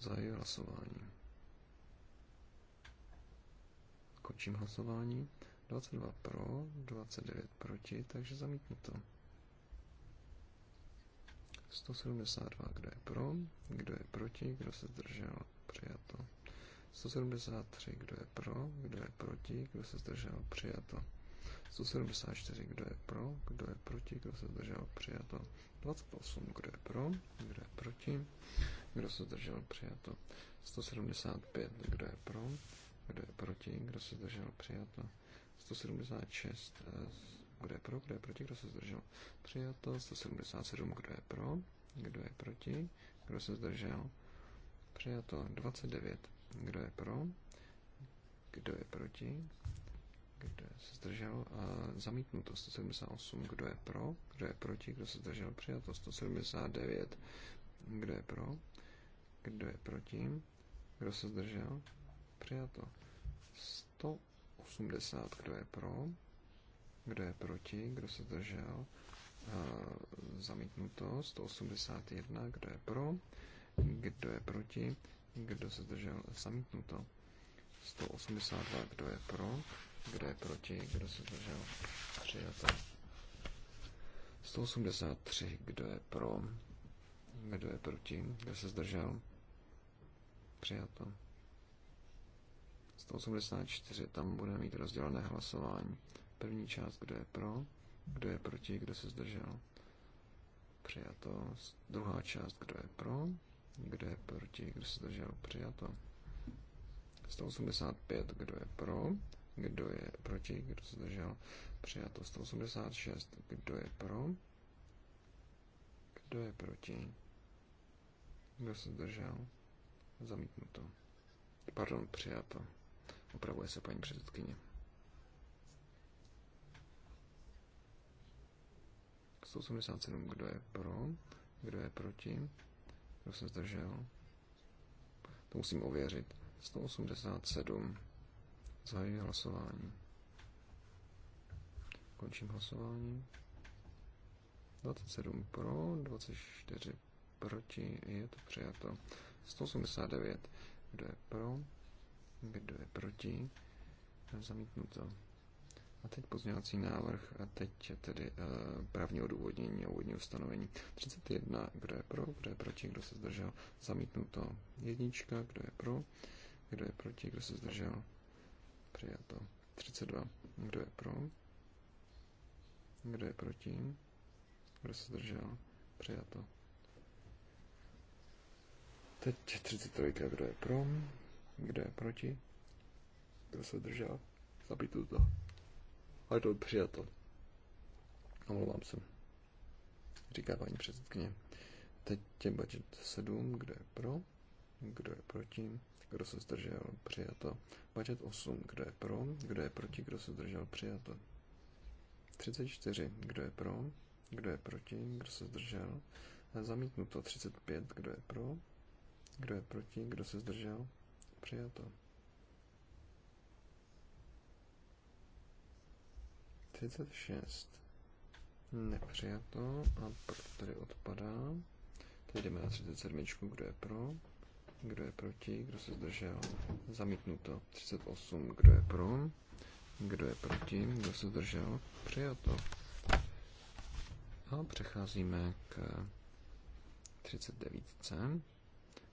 Zahajuji hlasování. Končím hlasování. 22 pro, 29 proti, takže zamítnu to. 172, kdo je pro, kdo je proti, kdo se zdržel, přijato. 173, kdo je pro, kdo je proti, kdo se zdržel, přijato. 174, kdo je pro, kdo je proti, kdo se zdržel, přijato. 28. Kdo je pro? Kdo je proti? Kdo se zdržel? Přijato. 175. Kdo je pro? Kdo je proti? Kdo se zdržel? Přijato. 176. Kdo je pro? Kdo je proti? Kdo se zdržel? Přijato. 177. Kdo je pro? Kdo je proti? Kdo se zdržel? Přijato. 29. Kdo je pro? Kdo je proti? Kdo se zdržel? Zamítnuto 178. Kdo je pro? Kdo je proti? Kdo se zdržel? Přijato 179. Kdo je pro? Kdo je proti? Kdo se zdržel? Přijato 180. Kdo je pro? Kdo je proti? Kdo se zdržel? Zamítnuto 181. Kdo je pro? Kdo je proti? Kdo se zdržel? Zamítnuto. 182, kdo je pro, kdo je proti? Kdo se zdržel? Přijato. 183. Kdo je pro? Kdo je proti? Kdo se zdržel? Přijato. 184. Tam budeme mít rozdělené hlasování. První část, kdo je pro, kdo je proti, kdo se zdržel. Přijato. Druhá část, kdo je pro, kdo je proti, kdo se zdržel. Přijato. 185, kdo je pro, kdo je proti? Kdo se zdržel? Přijato 186. Kdo je pro? Kdo je proti? Kdo se zdržel? Zamítnuto. Pardon, přijato. Opravuje se paní předsedkyně. 187. Kdo je pro? Kdo je proti? Kdo se zdržel? To musím ověřit. 187. Zahajuji hlasování. Končím hlasování. 27 pro, 24 proti, je to přijato. 189, kdo je pro, kdo je proti, zamítnuto. A teď pozměňovací návrh a teď tedy e, právní odůvodnění a úvodní ustanovení. 31, kdo je pro, kdo je proti, kdo se zdržel, zamítnuto. Jednička, kdo je pro, kdo je proti, kdo se zdržel, Přijato. 32. Kdo je pro? Kdo je proti? Kdo se zdržel? Přijato. Teď 33. Kdo je pro? Kdo je proti? Kdo se zdržel? Zabitu to. Ale to přijato. Omlouvám se. Říká paní předsedkyně. Teď je budget 7. Kdo je pro? Kdo je proti? kdo se zdržel, přijato. Budget 8, kdo je pro, kdo je proti, kdo se zdržel, přijato. 34, kdo je pro, kdo je proti, kdo se zdržel, zamítnuto. 35, kdo je pro, kdo je proti, kdo se zdržel, přijato. 36, nepřijato a proto tady odpadá. Teď jdeme na 37, kdo je pro, kdo je proti? Kdo se zdržel? Zamítnuto. 38. Kdo je pro? Kdo je proti? Kdo se zdržel? Přijato. A přecházíme k 39.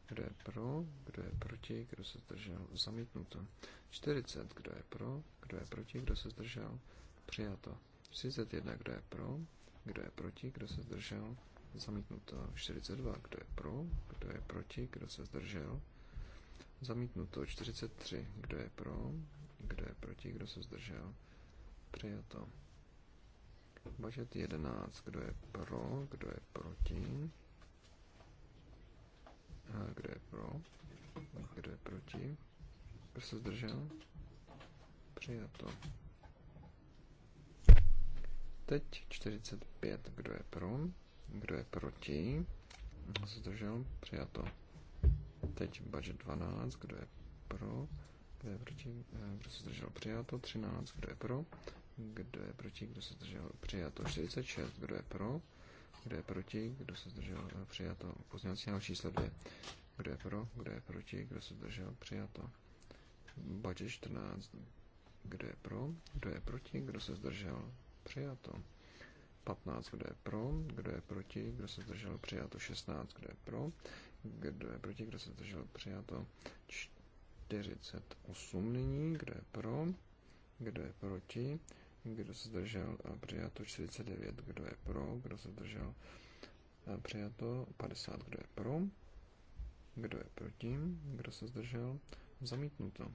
Kdo je pro? Kdo je proti? Kdo se zdržel? Zamítnuto. 40. Kdo je pro? Kdo je proti? Kdo se zdržel? Přijato. 31. Kdo je pro? Kdo je proti? Kdo se zdržel? Zamítnuto 42. Kdo je pro? Kdo je proti? Kdo se zdržel? Zamítnuto 43. Kdo je pro? Kdo je proti? Kdo se zdržel? Přijato. Bažet 11. Kdo je pro? Kdo je proti? A kdo je pro? Kdo je proti? Kdo se zdržel? Přijato. Teď 45. Kdo je pro? Kdo je proti? Zdržel? Přijato. Teď budget 12. Kdo je pro? Kdo je proti? Kdo se zdržel? Přijato. 13. Kdo je pro? Kdo je proti? Kdo se zdržel? Přijato. 46. Kdo je pro? Kdo je proti? Kdo se zdržel? Přijato. Pozměňovací návrh číslo 2. Kdo je pro? Kdo je proti? Kdo se zdržel? Přijato. Budget 14. Kdo je pro? Kdo je proti? Kdo se zdržel? Přijato. 15, kdo je pro, kdo je proti, kdo se zdržel přijato 16, kdo je pro, kdo je proti, kdo se zdržel přijato 48 nyní, kdo je pro, kdo je proti, kdo se zdržel přijato 49, kdo je pro, kdo se zdržel přijato 50, kdo je pro, kdo je proti, kdo se zdržel zamítnuto.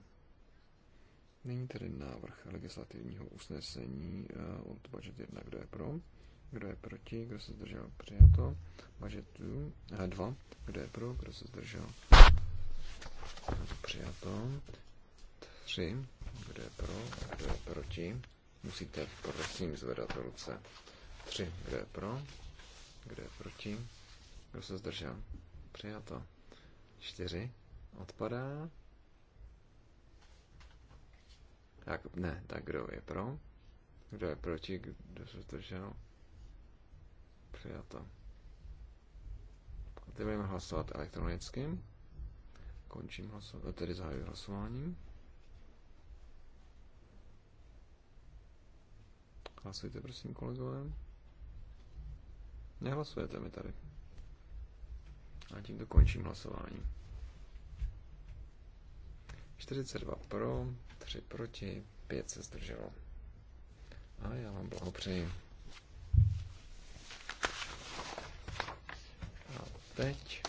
Není tedy návrh legislativního usnesení od budget 1, kdo je pro, kdo je proti? Kdo se zdržel? Přijato. Eh, 2. Kdo je pro? Kdo se zdržel? Přijato. Tři. Kdo je pro? Kdo je proti? Musíte prosím zvedat ruce. Tři. Kdo je pro? Kdo je proti? Kdo se zdržel? Přijato. Čtyři. Odpadá. Tak, ne, tak kdo je pro? Kdo je proti? Kdo se zdržel? Přijato. A teď budeme hlasovat elektronicky. Končím hlasování, eh, tedy zahajuji hlasování. Hlasujte, prosím, kolegové. Nehlasujete mi tady. A tímto končím hlasování. 42 pro, 3 proti, 5 se zdrželo. A já vám blahopřeji. teď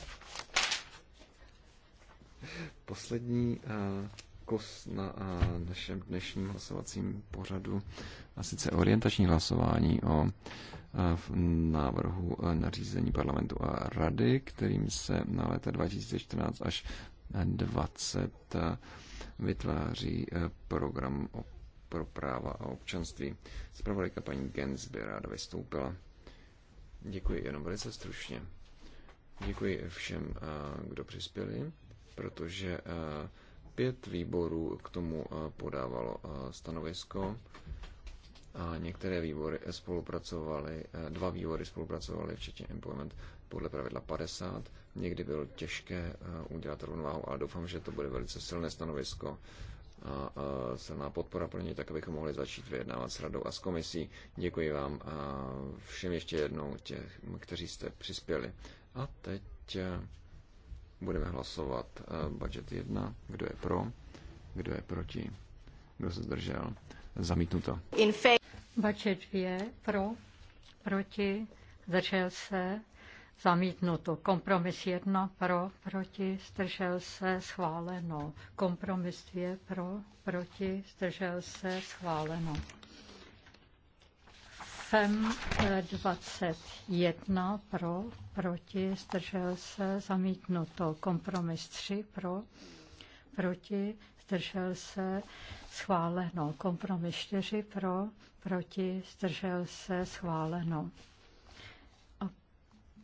poslední eh, kus na eh, našem dnešním hlasovacím pořadu, a sice orientační hlasování o uh, návrhu nařízení parlamentu a rady, kterým se na léta 2014 až 20 vytváří program pro práva a občanství. Zpravodajka paní Gensby ráda vystoupila. Děkuji jenom velice stručně. Děkuji všem, eh, kdo přispěli, protože eh, pět výborů k tomu eh, podávalo stanovisko a některé výbory spolupracovaly, dva výbory spolupracovaly, včetně Employment, podle pravidla 50. Někdy bylo těžké udělat rovnováhu, ale doufám, že to bude velice silné stanovisko a silná podpora pro ně, tak abychom mohli začít vyjednávat s radou a s komisí. Děkuji vám a všem ještě jednou těch, kteří jste přispěli a teď eh, budeme hlasovat eh, budget 1. Kdo je pro? Kdo je proti? Kdo se zdržel? Zamítnuto. Budget 2. Pro? Proti? Zdržel se? Zamítnuto. Kompromis 1 pro, proti, zdržel se, schváleno. Kompromis 2 pro, proti, zdržel se, schváleno. FEM 21 eh, pro, proti, zdržel se, zamítnuto. Kompromis 3 pro, proti, zdržel se, schváleno. Kompromis 4 pro, proti, zdržel se, schváleno. A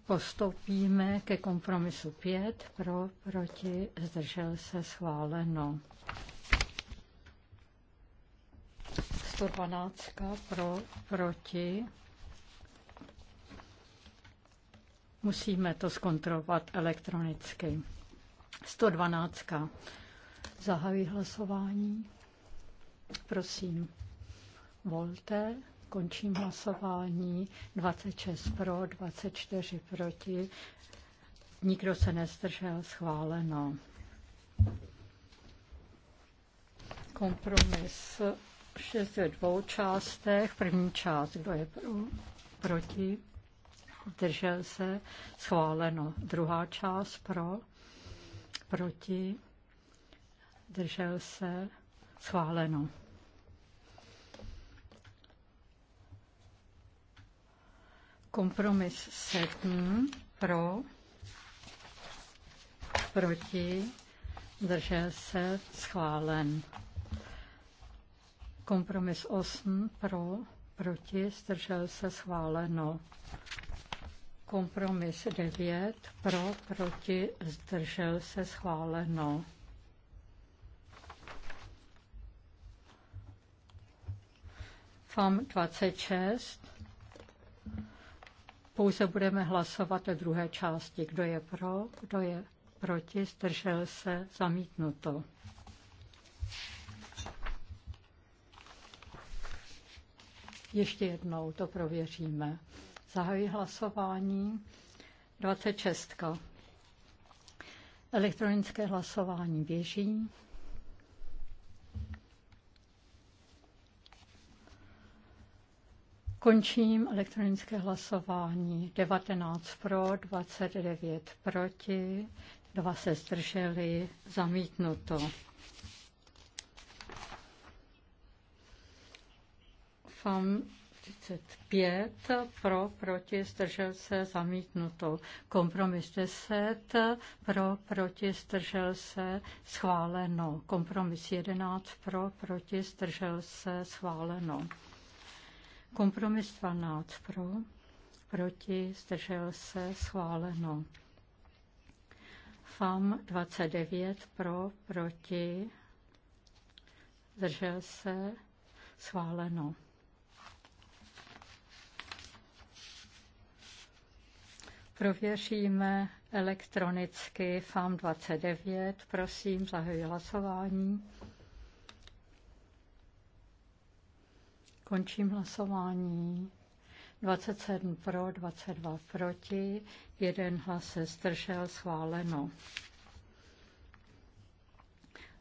postoupíme ke kompromisu 5 pro, proti, zdržel se, schváleno. 112 pro, proti. Musíme to zkontrolovat elektronicky. 112. Zahajuji hlasování. Prosím, volte. Končím hlasování. 26 pro, 24 proti. Nikdo se nestržel, schváleno. Kompromis 6 ve dvou částech. První část, kdo je pro, proti, držel se, schváleno. Druhá část pro, proti, držel se, schváleno. Kompromis 7 pro, proti, držel se, schválen. Kompromis 8 pro, proti, zdržel se schváleno. Kompromis 9 pro, proti, zdržel se schváleno. FAM 26. Pouze budeme hlasovat o druhé části. Kdo je pro, kdo je proti, zdržel se, zamítnuto. Ještě jednou to prověříme. Zahajuji hlasování. 26. Elektronické hlasování běží. Končím elektronické hlasování. 19 pro, 29 proti, dva se zdrželi, zamítnuto. FAM 35 pro, proti, zdržel se, zamítnuto. Kompromis 10 pro, proti, zdržel se, schváleno. Kompromis 11 pro, proti, zdržel se, schváleno. Kompromis 12 pro, proti, zdržel se, schváleno. FAM 29 pro, proti, zdržel se, schváleno. Prověříme elektronicky FAM 29. Prosím, zahajuji hlasování. Končím hlasování. 27 pro, 22 proti, jeden hlas se zdržel, schváleno.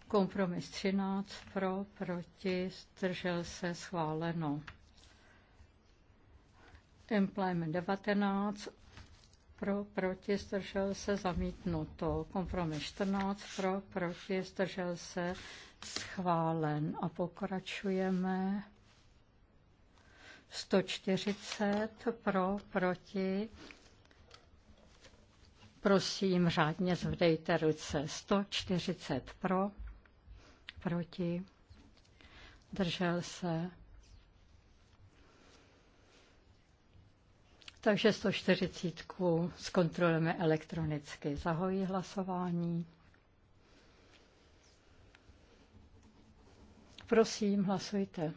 Kompromis 13 pro, proti, zdržel se, schváleno. Employment 19 pro, proti, zdržel se, zamítnuto. Kompromis 14, pro, proti, zdržel se, schválen. A pokračujeme. 140, pro, proti. Prosím, řádně zvedejte ruce. 140 pro, proti, držel se, Takže 140 zkontrolujeme elektronicky. Zahojí hlasování. Prosím, hlasujte.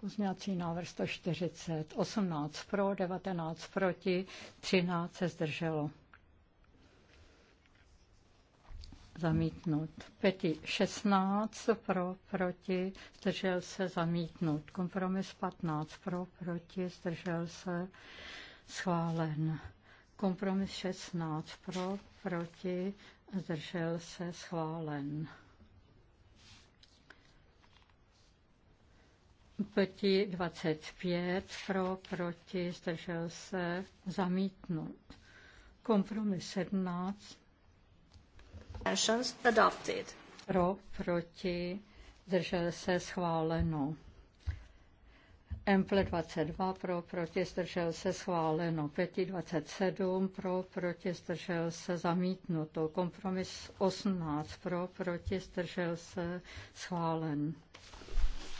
Pozměňovací návrh 140, 18 pro, 19 proti, 13 se zdrželo. zamítnut. Peti 16 pro, proti, zdržel se zamítnut. Kompromis 15 pro, proti, zdržel se schválen. Kompromis 16 pro, proti, zdržel se schválen. Peti 25 pro, proti, zdržel se zamítnut. Kompromis 17 abstentions adopted. Pro, proti, zdržel se schváleno. Mpl 22 pro, proti, zdržel se schváleno. 27 pro, proti, zdržel se zamítnuto. Kompromis 18 pro, proti, zdržel se schválen.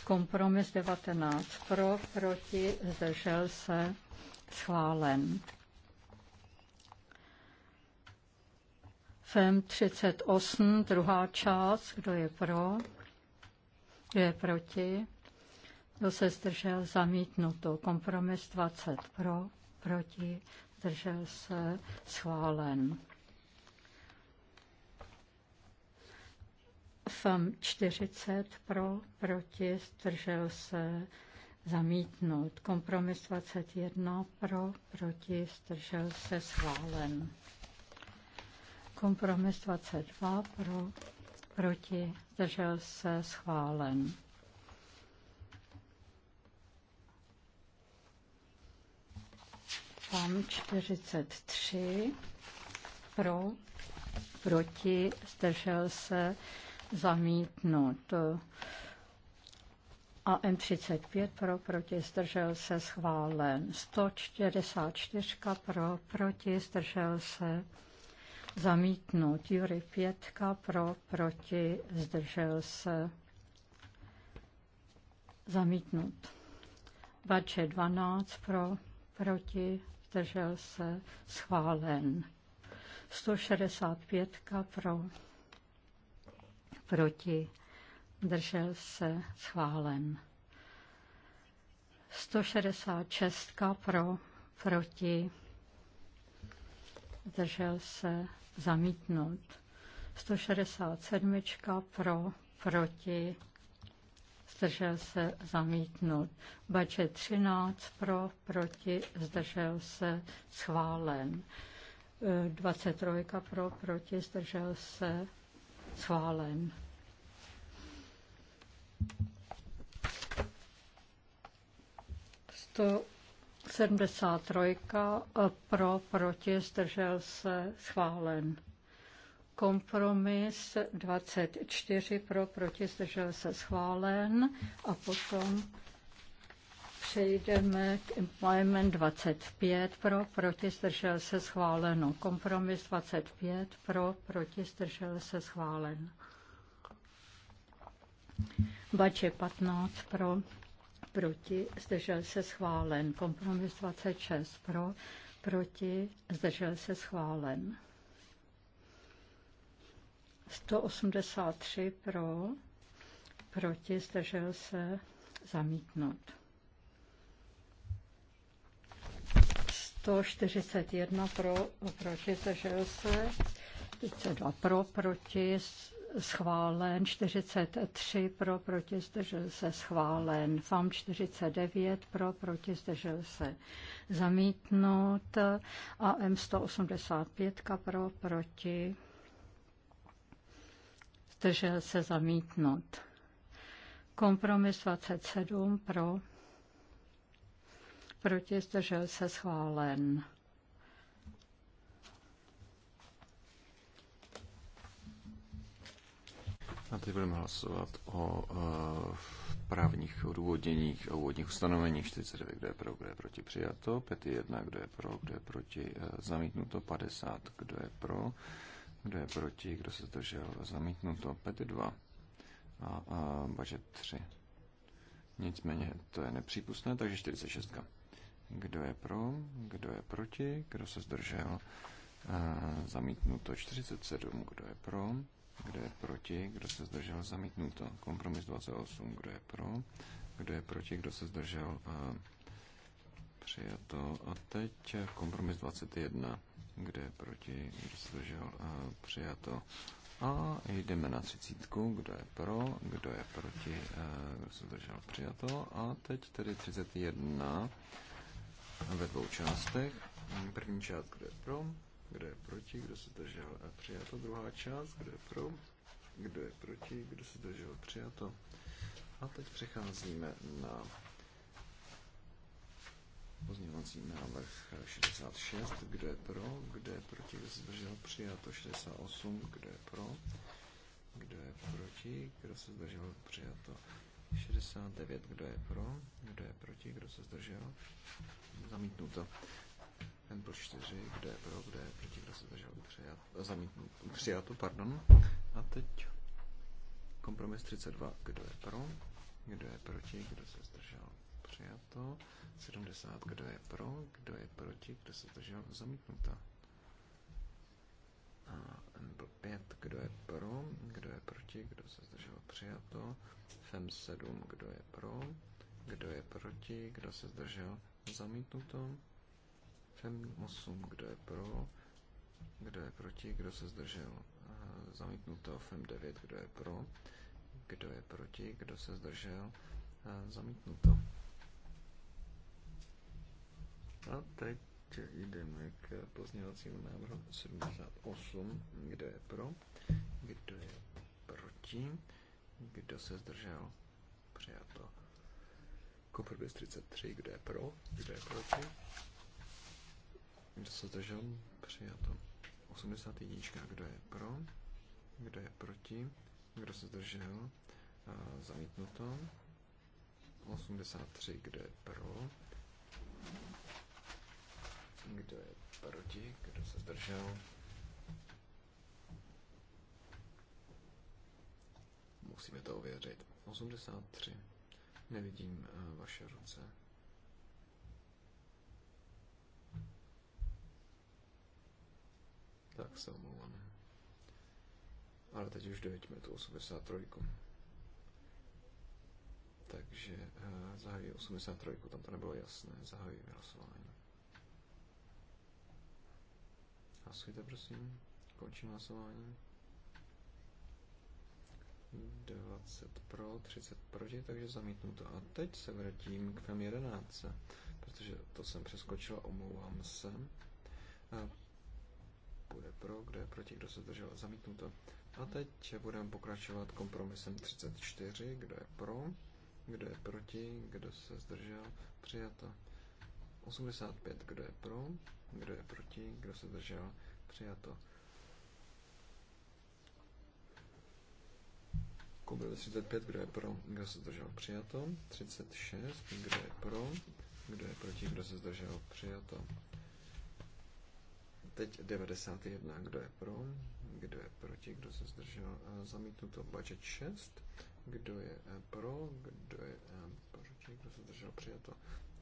Kompromis 19 pro, proti, zdržel se schválen. Fm 38, druhá část, kdo je pro, kdo je proti, kdo se zdržel, zamítnuto. Kompromis 20 pro, proti, zdržel se, schválen. Fm 40 pro, proti, zdržel se, zamítnout. Kompromis 21 pro, proti, zdržel se, schválen. Kompromis 22 pro, proti, zdržel se, schválen. Tam 43 pro, proti, zdržel se, zamítnut. A M35 pro, proti, zdržel se, schválen. 144 pro, proti, zdržel se, Zamítnout. Jury pětka pro, proti, zdržel se. Zamítnout. Bače 12 pro, proti, zdržel se. Schválen. 165 pro, proti, držel se schválen. 166 pro, proti, držel se zamítnout 167 pro, proti, zdržel se zamítnout, Bače 13 pro, proti, zdržel se schválen. 23 pro, proti, zdržel se schválen. To 73 eh, pro, proti, zdržel se, schválen. Kompromis 24 pro, proti, zdržel se, schválen. A potom přejdeme k employment 25 pro, proti, zdržel se, schváleno. Kompromis 25 pro, proti, zdržel se, schválen. Bače 15 pro, proti, zdržel se schválen. Kompromis 26 pro, proti, zdržel se schválen. 183 pro, proti, zdržel se zamítnout. 141 pro, proti, zdržel se, 32 pro, proti, schválen, 43 pro, proti, zdržel se, schválen, FAM 49 pro, proti, zdržel se, zamítnout a M185 pro, proti, zdržel se, zamítnout. Kompromis 27 pro, proti, zdržel se, schválen. A teď budeme hlasovat o uh, právních odůvodněních a úvodních ustanoveních 49, kdo je pro, kdo je proti přijato, 5 1, kdo je pro, kdo je proti uh, zamítnuto, 50, kdo je pro, kdo je proti, kdo se zdržel zamítnuto, 5 2 a, uh, baže 3. Nicméně to je nepřípustné, takže 46. Kdo je pro, kdo je proti, kdo se zdržel, uh, zamítnuto 47, kdo je pro, kdo je proti? Kdo se zdržel? Zamítnuto. Kompromis 28. Kdo je pro? Kdo je proti? Kdo se zdržel? A přijato. A teď kompromis 21. Kdo je proti? Kdo se zdržel? A přijato. A jdeme na třicítku, kdo je pro, kdo je proti, kdo se zdržel přijato. A teď tedy 31 ve dvou částech. První část, kdo je pro, kdo je proti, kdo se držel a přijato. Druhá část, kdo je pro, kdo je proti, kdo se zdržel přijato. A teď přecházíme na pozměňovací návrh 66, kdo je pro, kdo je proti, kdo se zdržel přijato. 68, kdo je pro, kdo je proti, kdo se zdržel přijato. 69, kdo je pro, kdo je proti, kdo se zdržel, zamítnuto. Empl 4, kde je pro, kde je proti, kdo se zdržel přijat, zamítnout, přijato, pardon. A teď kompromis 32, kdo je pro, kdo je proti, kdo se zdržel přijato, 70, kdo je pro, kdo je proti, kdo se zdržel zamítnuta. A N 5, kdo je pro, kdo je proti, kdo se zdržel přijato, FEM 7, kdo je pro, kdo je proti, kdo se zdržel zamítnuto. FEM 8, kdo je pro, kdo je proti, kdo se zdržel. Zamítnuto FEM 9, kdo je pro, kdo je proti, kdo se zdržel. Zamítnuto. A teď jdeme k pozměňovacímu návrhu 78, kdo je pro, kdo je proti, kdo se zdržel. Přijato. Kompromis 33, kdo je pro, kdo je proti, kdo se zdržel? Přijato. 81. Kdo je pro? Kdo je proti? Kdo se zdržel? A zamítnuto. 83. Kdo je pro? Kdo je proti? Kdo se zdržel? Musíme to ověřit. 83. Nevidím vaše ruce. tak se omlouvám. Ale teď už dojeďme tu 83. Takže eh, zahají 83, tam to nebylo jasné, zahají hlasování. Hlasujte, prosím. Končím hlasování. 20 pro, 30 proti, takže zamítnu to. A teď se vrátím k FEM 11, protože to jsem přeskočila, omlouvám se. Eh, bude pro, kdo je proti, kdo se zdržel, zamítnuto. A teď budeme pokračovat kompromisem 34. Kdo je pro, kdo je proti, kdo se zdržel, přijato. 85. Kdo je pro, kdo je proti, kdo se zdržel, přijato. Kobyl 35, kdo je pro, kdo se zdržel, přijato. 36, kdo je pro, kdo je proti, kdo se zdržel, přijato teď 91. Kdo je pro? Kdo je proti? Kdo se zdržel? Zamítnuto. Budget 6. Eh, eh, Kdo je pro? Kdo je proti? Kdo se zdržel? Přijato.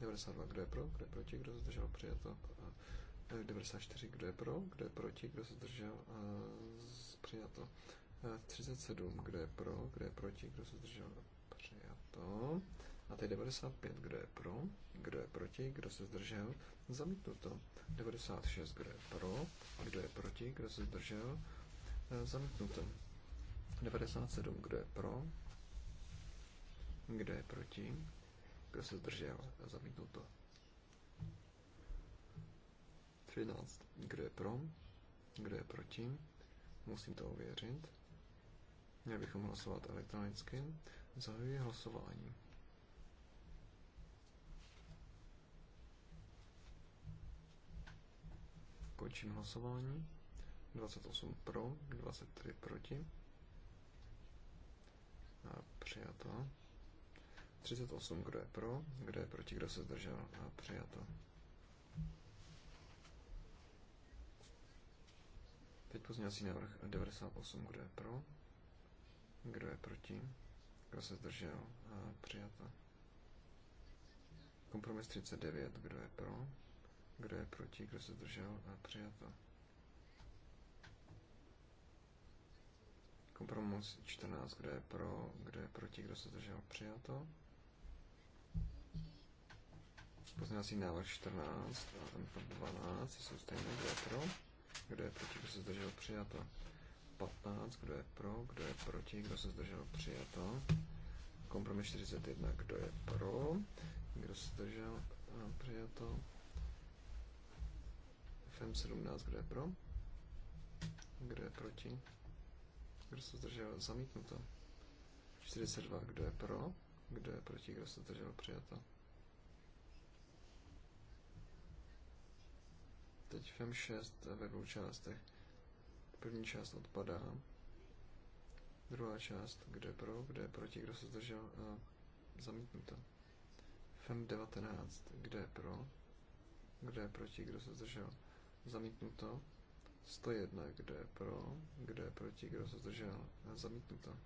92. Eh, Kdo je pro? Kdo je proti? Kdo se zdržel? Přijato. 94. Kdo je pro? Kdo je proti? Kdo se zdržel? Přijato. 37. Kdo je pro? Kdo je proti? Kdo se zdržel? Přijato. A teď 95, kdo je pro, kdo je proti, kdo se zdržel, zamítnuto. 96, e, kdo je pro, kdo je proti, kdo se zdržel, zamítnuto. 97, kdo je pro, kdo je proti, kdo se zdržel, zamítnuto. 13, kdo je pro, kdo je proti, musím to ověřit. Měli bychom hlasovat elektronicky. Zahajuji hlasování. Končím hlasování. 28 pro, 23 proti. A přijato. 38, kdo je pro, kdo je proti, kdo se zdržel a přijato. Teď pozměňovací návrh 98, kdo je pro, kdo je proti, kdo se zdržel a přijato. Kompromis 39, kdo je pro, kdo je proti? Kdo se zdržel? A eh, přijato. Kompromis 14. Kdo je pro? Kdo je proti? Kdo se zdržel? Přijato. Pozměňovací návrh 14 a ten 12 jsou stejné. Kdo je pro? Kdo je proti? Kdo se zdržel? Přijato. 15. Kdo je pro? Kdo je proti? Kdo se zdržel? Přijato. Kompromis 41. Kdo je pro? Kdo se zdržel? Eh, přijato. FM 17, kdo je pro? Kdo je proti? Kdo se zdržel? Zamítnuto. 42, kdo je pro? Kdo je proti? Kdo se zdržel? Přijato. Teď FEM 6 ve dvou částech. První část odpadá. Druhá část, kdo je pro, kdo je proti, kdo se zdržel, zamítnuto. FEM 19, kdo je pro, kdo je proti, kdo se zdržel, Zamítnuto. 101, kdo je pro, kdo je proti, kdo se zdržel. Zamítnuto.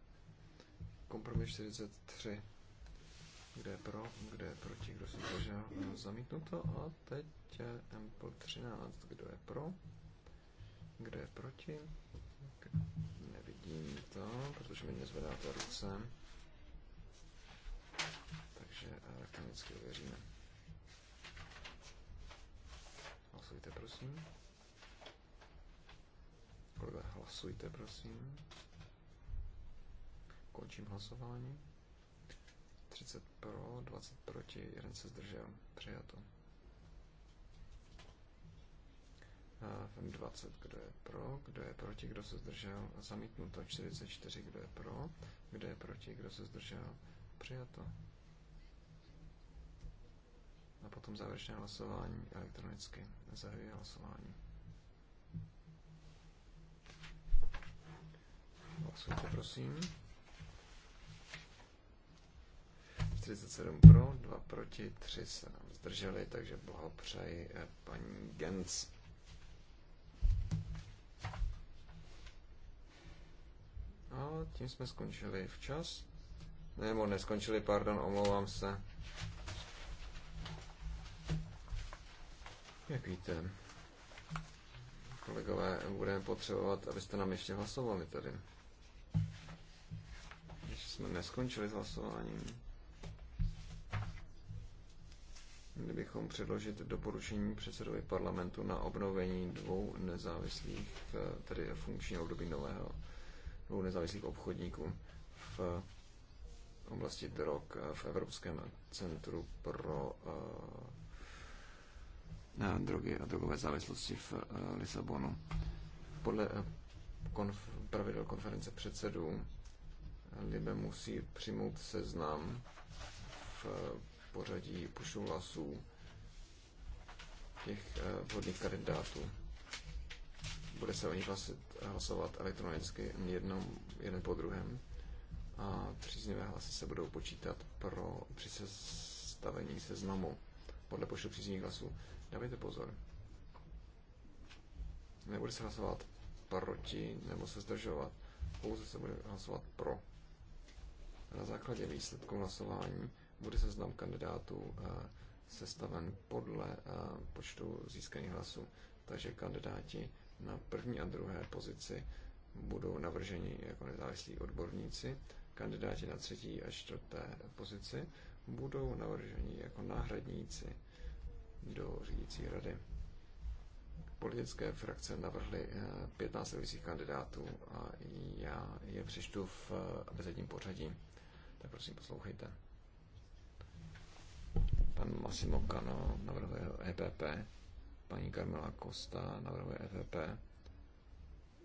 Kompromis 43, kde je pro, kde je proti, kdo se zdržel. Zamítnuto. A teď MPL 13, kdo je pro, kde je proti. Nevidím to, protože mi to ruce. Takže elektronicky uvěříme. hlasujte, prosím. Kolegové, hlasujte, prosím. Končím hlasování. 30 pro, 20 proti, jeden se zdržel. Přijato. 20, kdo je pro, kdo je proti, kdo se zdržel, zamítnuto 44, kdo je pro, kdo je proti, kdo se zdržel, přijato. A potom závěrečné hlasování elektronicky. Zahajuji hlasování. Hlasujte, prosím. 47 pro, 2 proti, 3 se nám zdrželi, takže blahopřeji eh, paní Gens. A tím jsme skončili včas. Nebo neskončili, pardon, omlouvám se. Jak víte, kolegové, budeme potřebovat, abyste nám ještě hlasovali tady. Když jsme neskončili s hlasováním. Měli bychom předložit doporučení předsedovi parlamentu na obnovení dvou nezávislých, eh, tedy funkčního období nového, dvou nezávislých obchodníků v oblasti drog eh, v Evropském centru pro eh, drogy a drogové závislosti v eh, Lisabonu. Podle eh, konf- pravidel konference předsedů eh, Libe musí přijmout seznam v pořadí hlasů těch vhodných kandidátů. Bude se o nich hlasovat elektronicky jednou, jeden po druhém a příznivé hlasy se budou počítat pro při sestavení seznamu podle počtu příznivých hlasů. Dávejte pozor. Nebude se hlasovat proti nebo se zdržovat. Pouze se bude hlasovat pro. Na základě výsledku hlasování bude seznam kandidátů eh, sestaven podle eh, počtu získaných hlasů. Takže kandidáti na první a druhé pozici budou navrženi jako nezávislí odborníci. Kandidáti na třetí a čtvrté pozici budou navrženi jako náhradníci do řídící rady. Politické frakce navrhly 15 eh, následujících kandidátů a já je přečtu v abecedním eh, pořadí. Tak prosím poslouchejte. Pan Massimo Cano navrhuje EPP, paní Carmela Costa navrhuje EPP,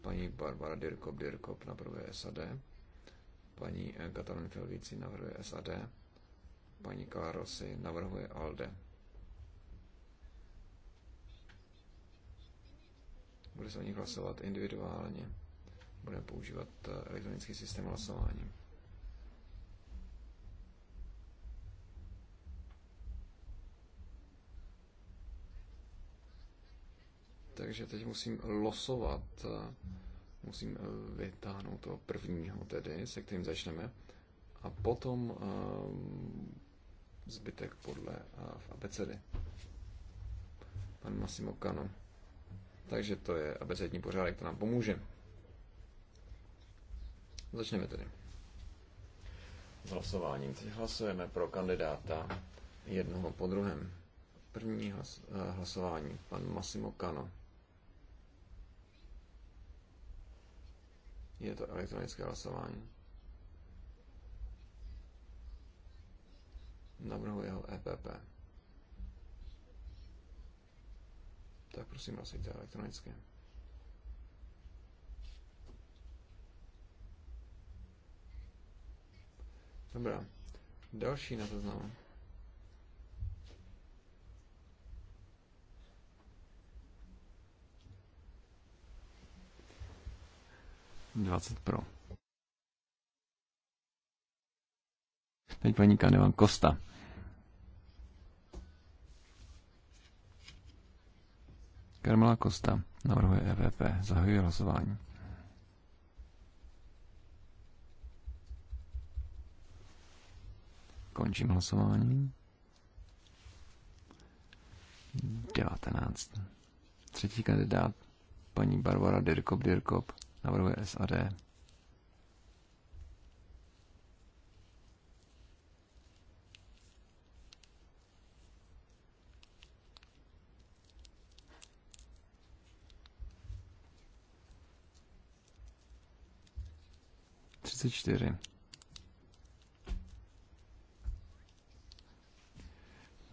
paní Barbara Dirkop Dirkop navrhuje SAD, paní Katalin Felvici navrhuje SAD, paní Klárosi navrhuje ALDE. Bude se o nich hlasovat individuálně. Budeme používat eh, elektronický systém hlasování. takže teď musím losovat, eh, musím eh, vytáhnout toho prvního tedy, se kterým začneme, a potom zbytek podle v abecedy. Pan Massimo Cano. Takže to je abecední pořádek, to nám pomůže. Začneme tedy. S hlasováním. Teď hlasujeme pro kandidáta jednoho po druhém. První hlas, eh, hlasování, pan Massimo Cano. Je to elektronické hlasování. Navrhuje ho EPP. tak prosím hlasujte elektronicky. Dobrá. Další na seznamu. Dvacet pro. Teď paní Kanevan Kosta. Karmela Kosta navrhuje EVP. Zahajuje hlasování. Končím hlasování. 19. Třetí kandidát, paní Barbara Dirkop-Dirkop, navrhuje SAD. 34.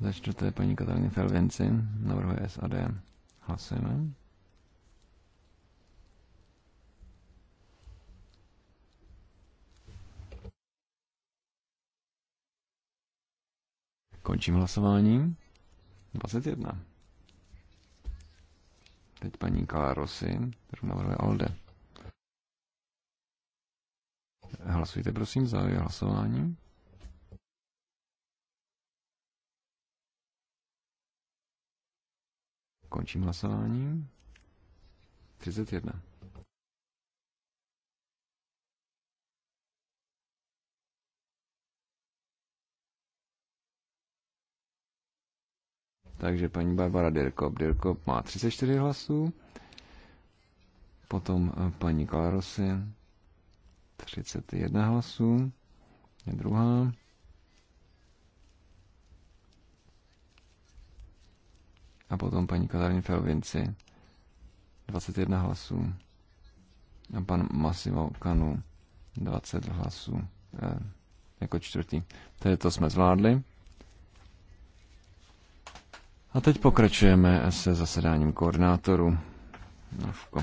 Za čtvrté paní Kataliny Felvinci navrhuje SAD. Hlasujeme. Končím hlasování. 21. Teď paní Károsy, kterou navrhuje Alde. Hlasujte prosím za hlasování. Končím hlasování. 31. Takže paní Barbara Dirkop. Dirkop má 34 hlasů. Potom eh, paní Kalarosin 31 hlasů. Je druhá. A potom paní Katarín Felvinci 21 hlasů. A pan Massimo Kanu 20 hlasů E, jako čtvrtý. Tedy to jsme zvládli. A teď pokračujeme se zasedáním koordinátoru. Navko.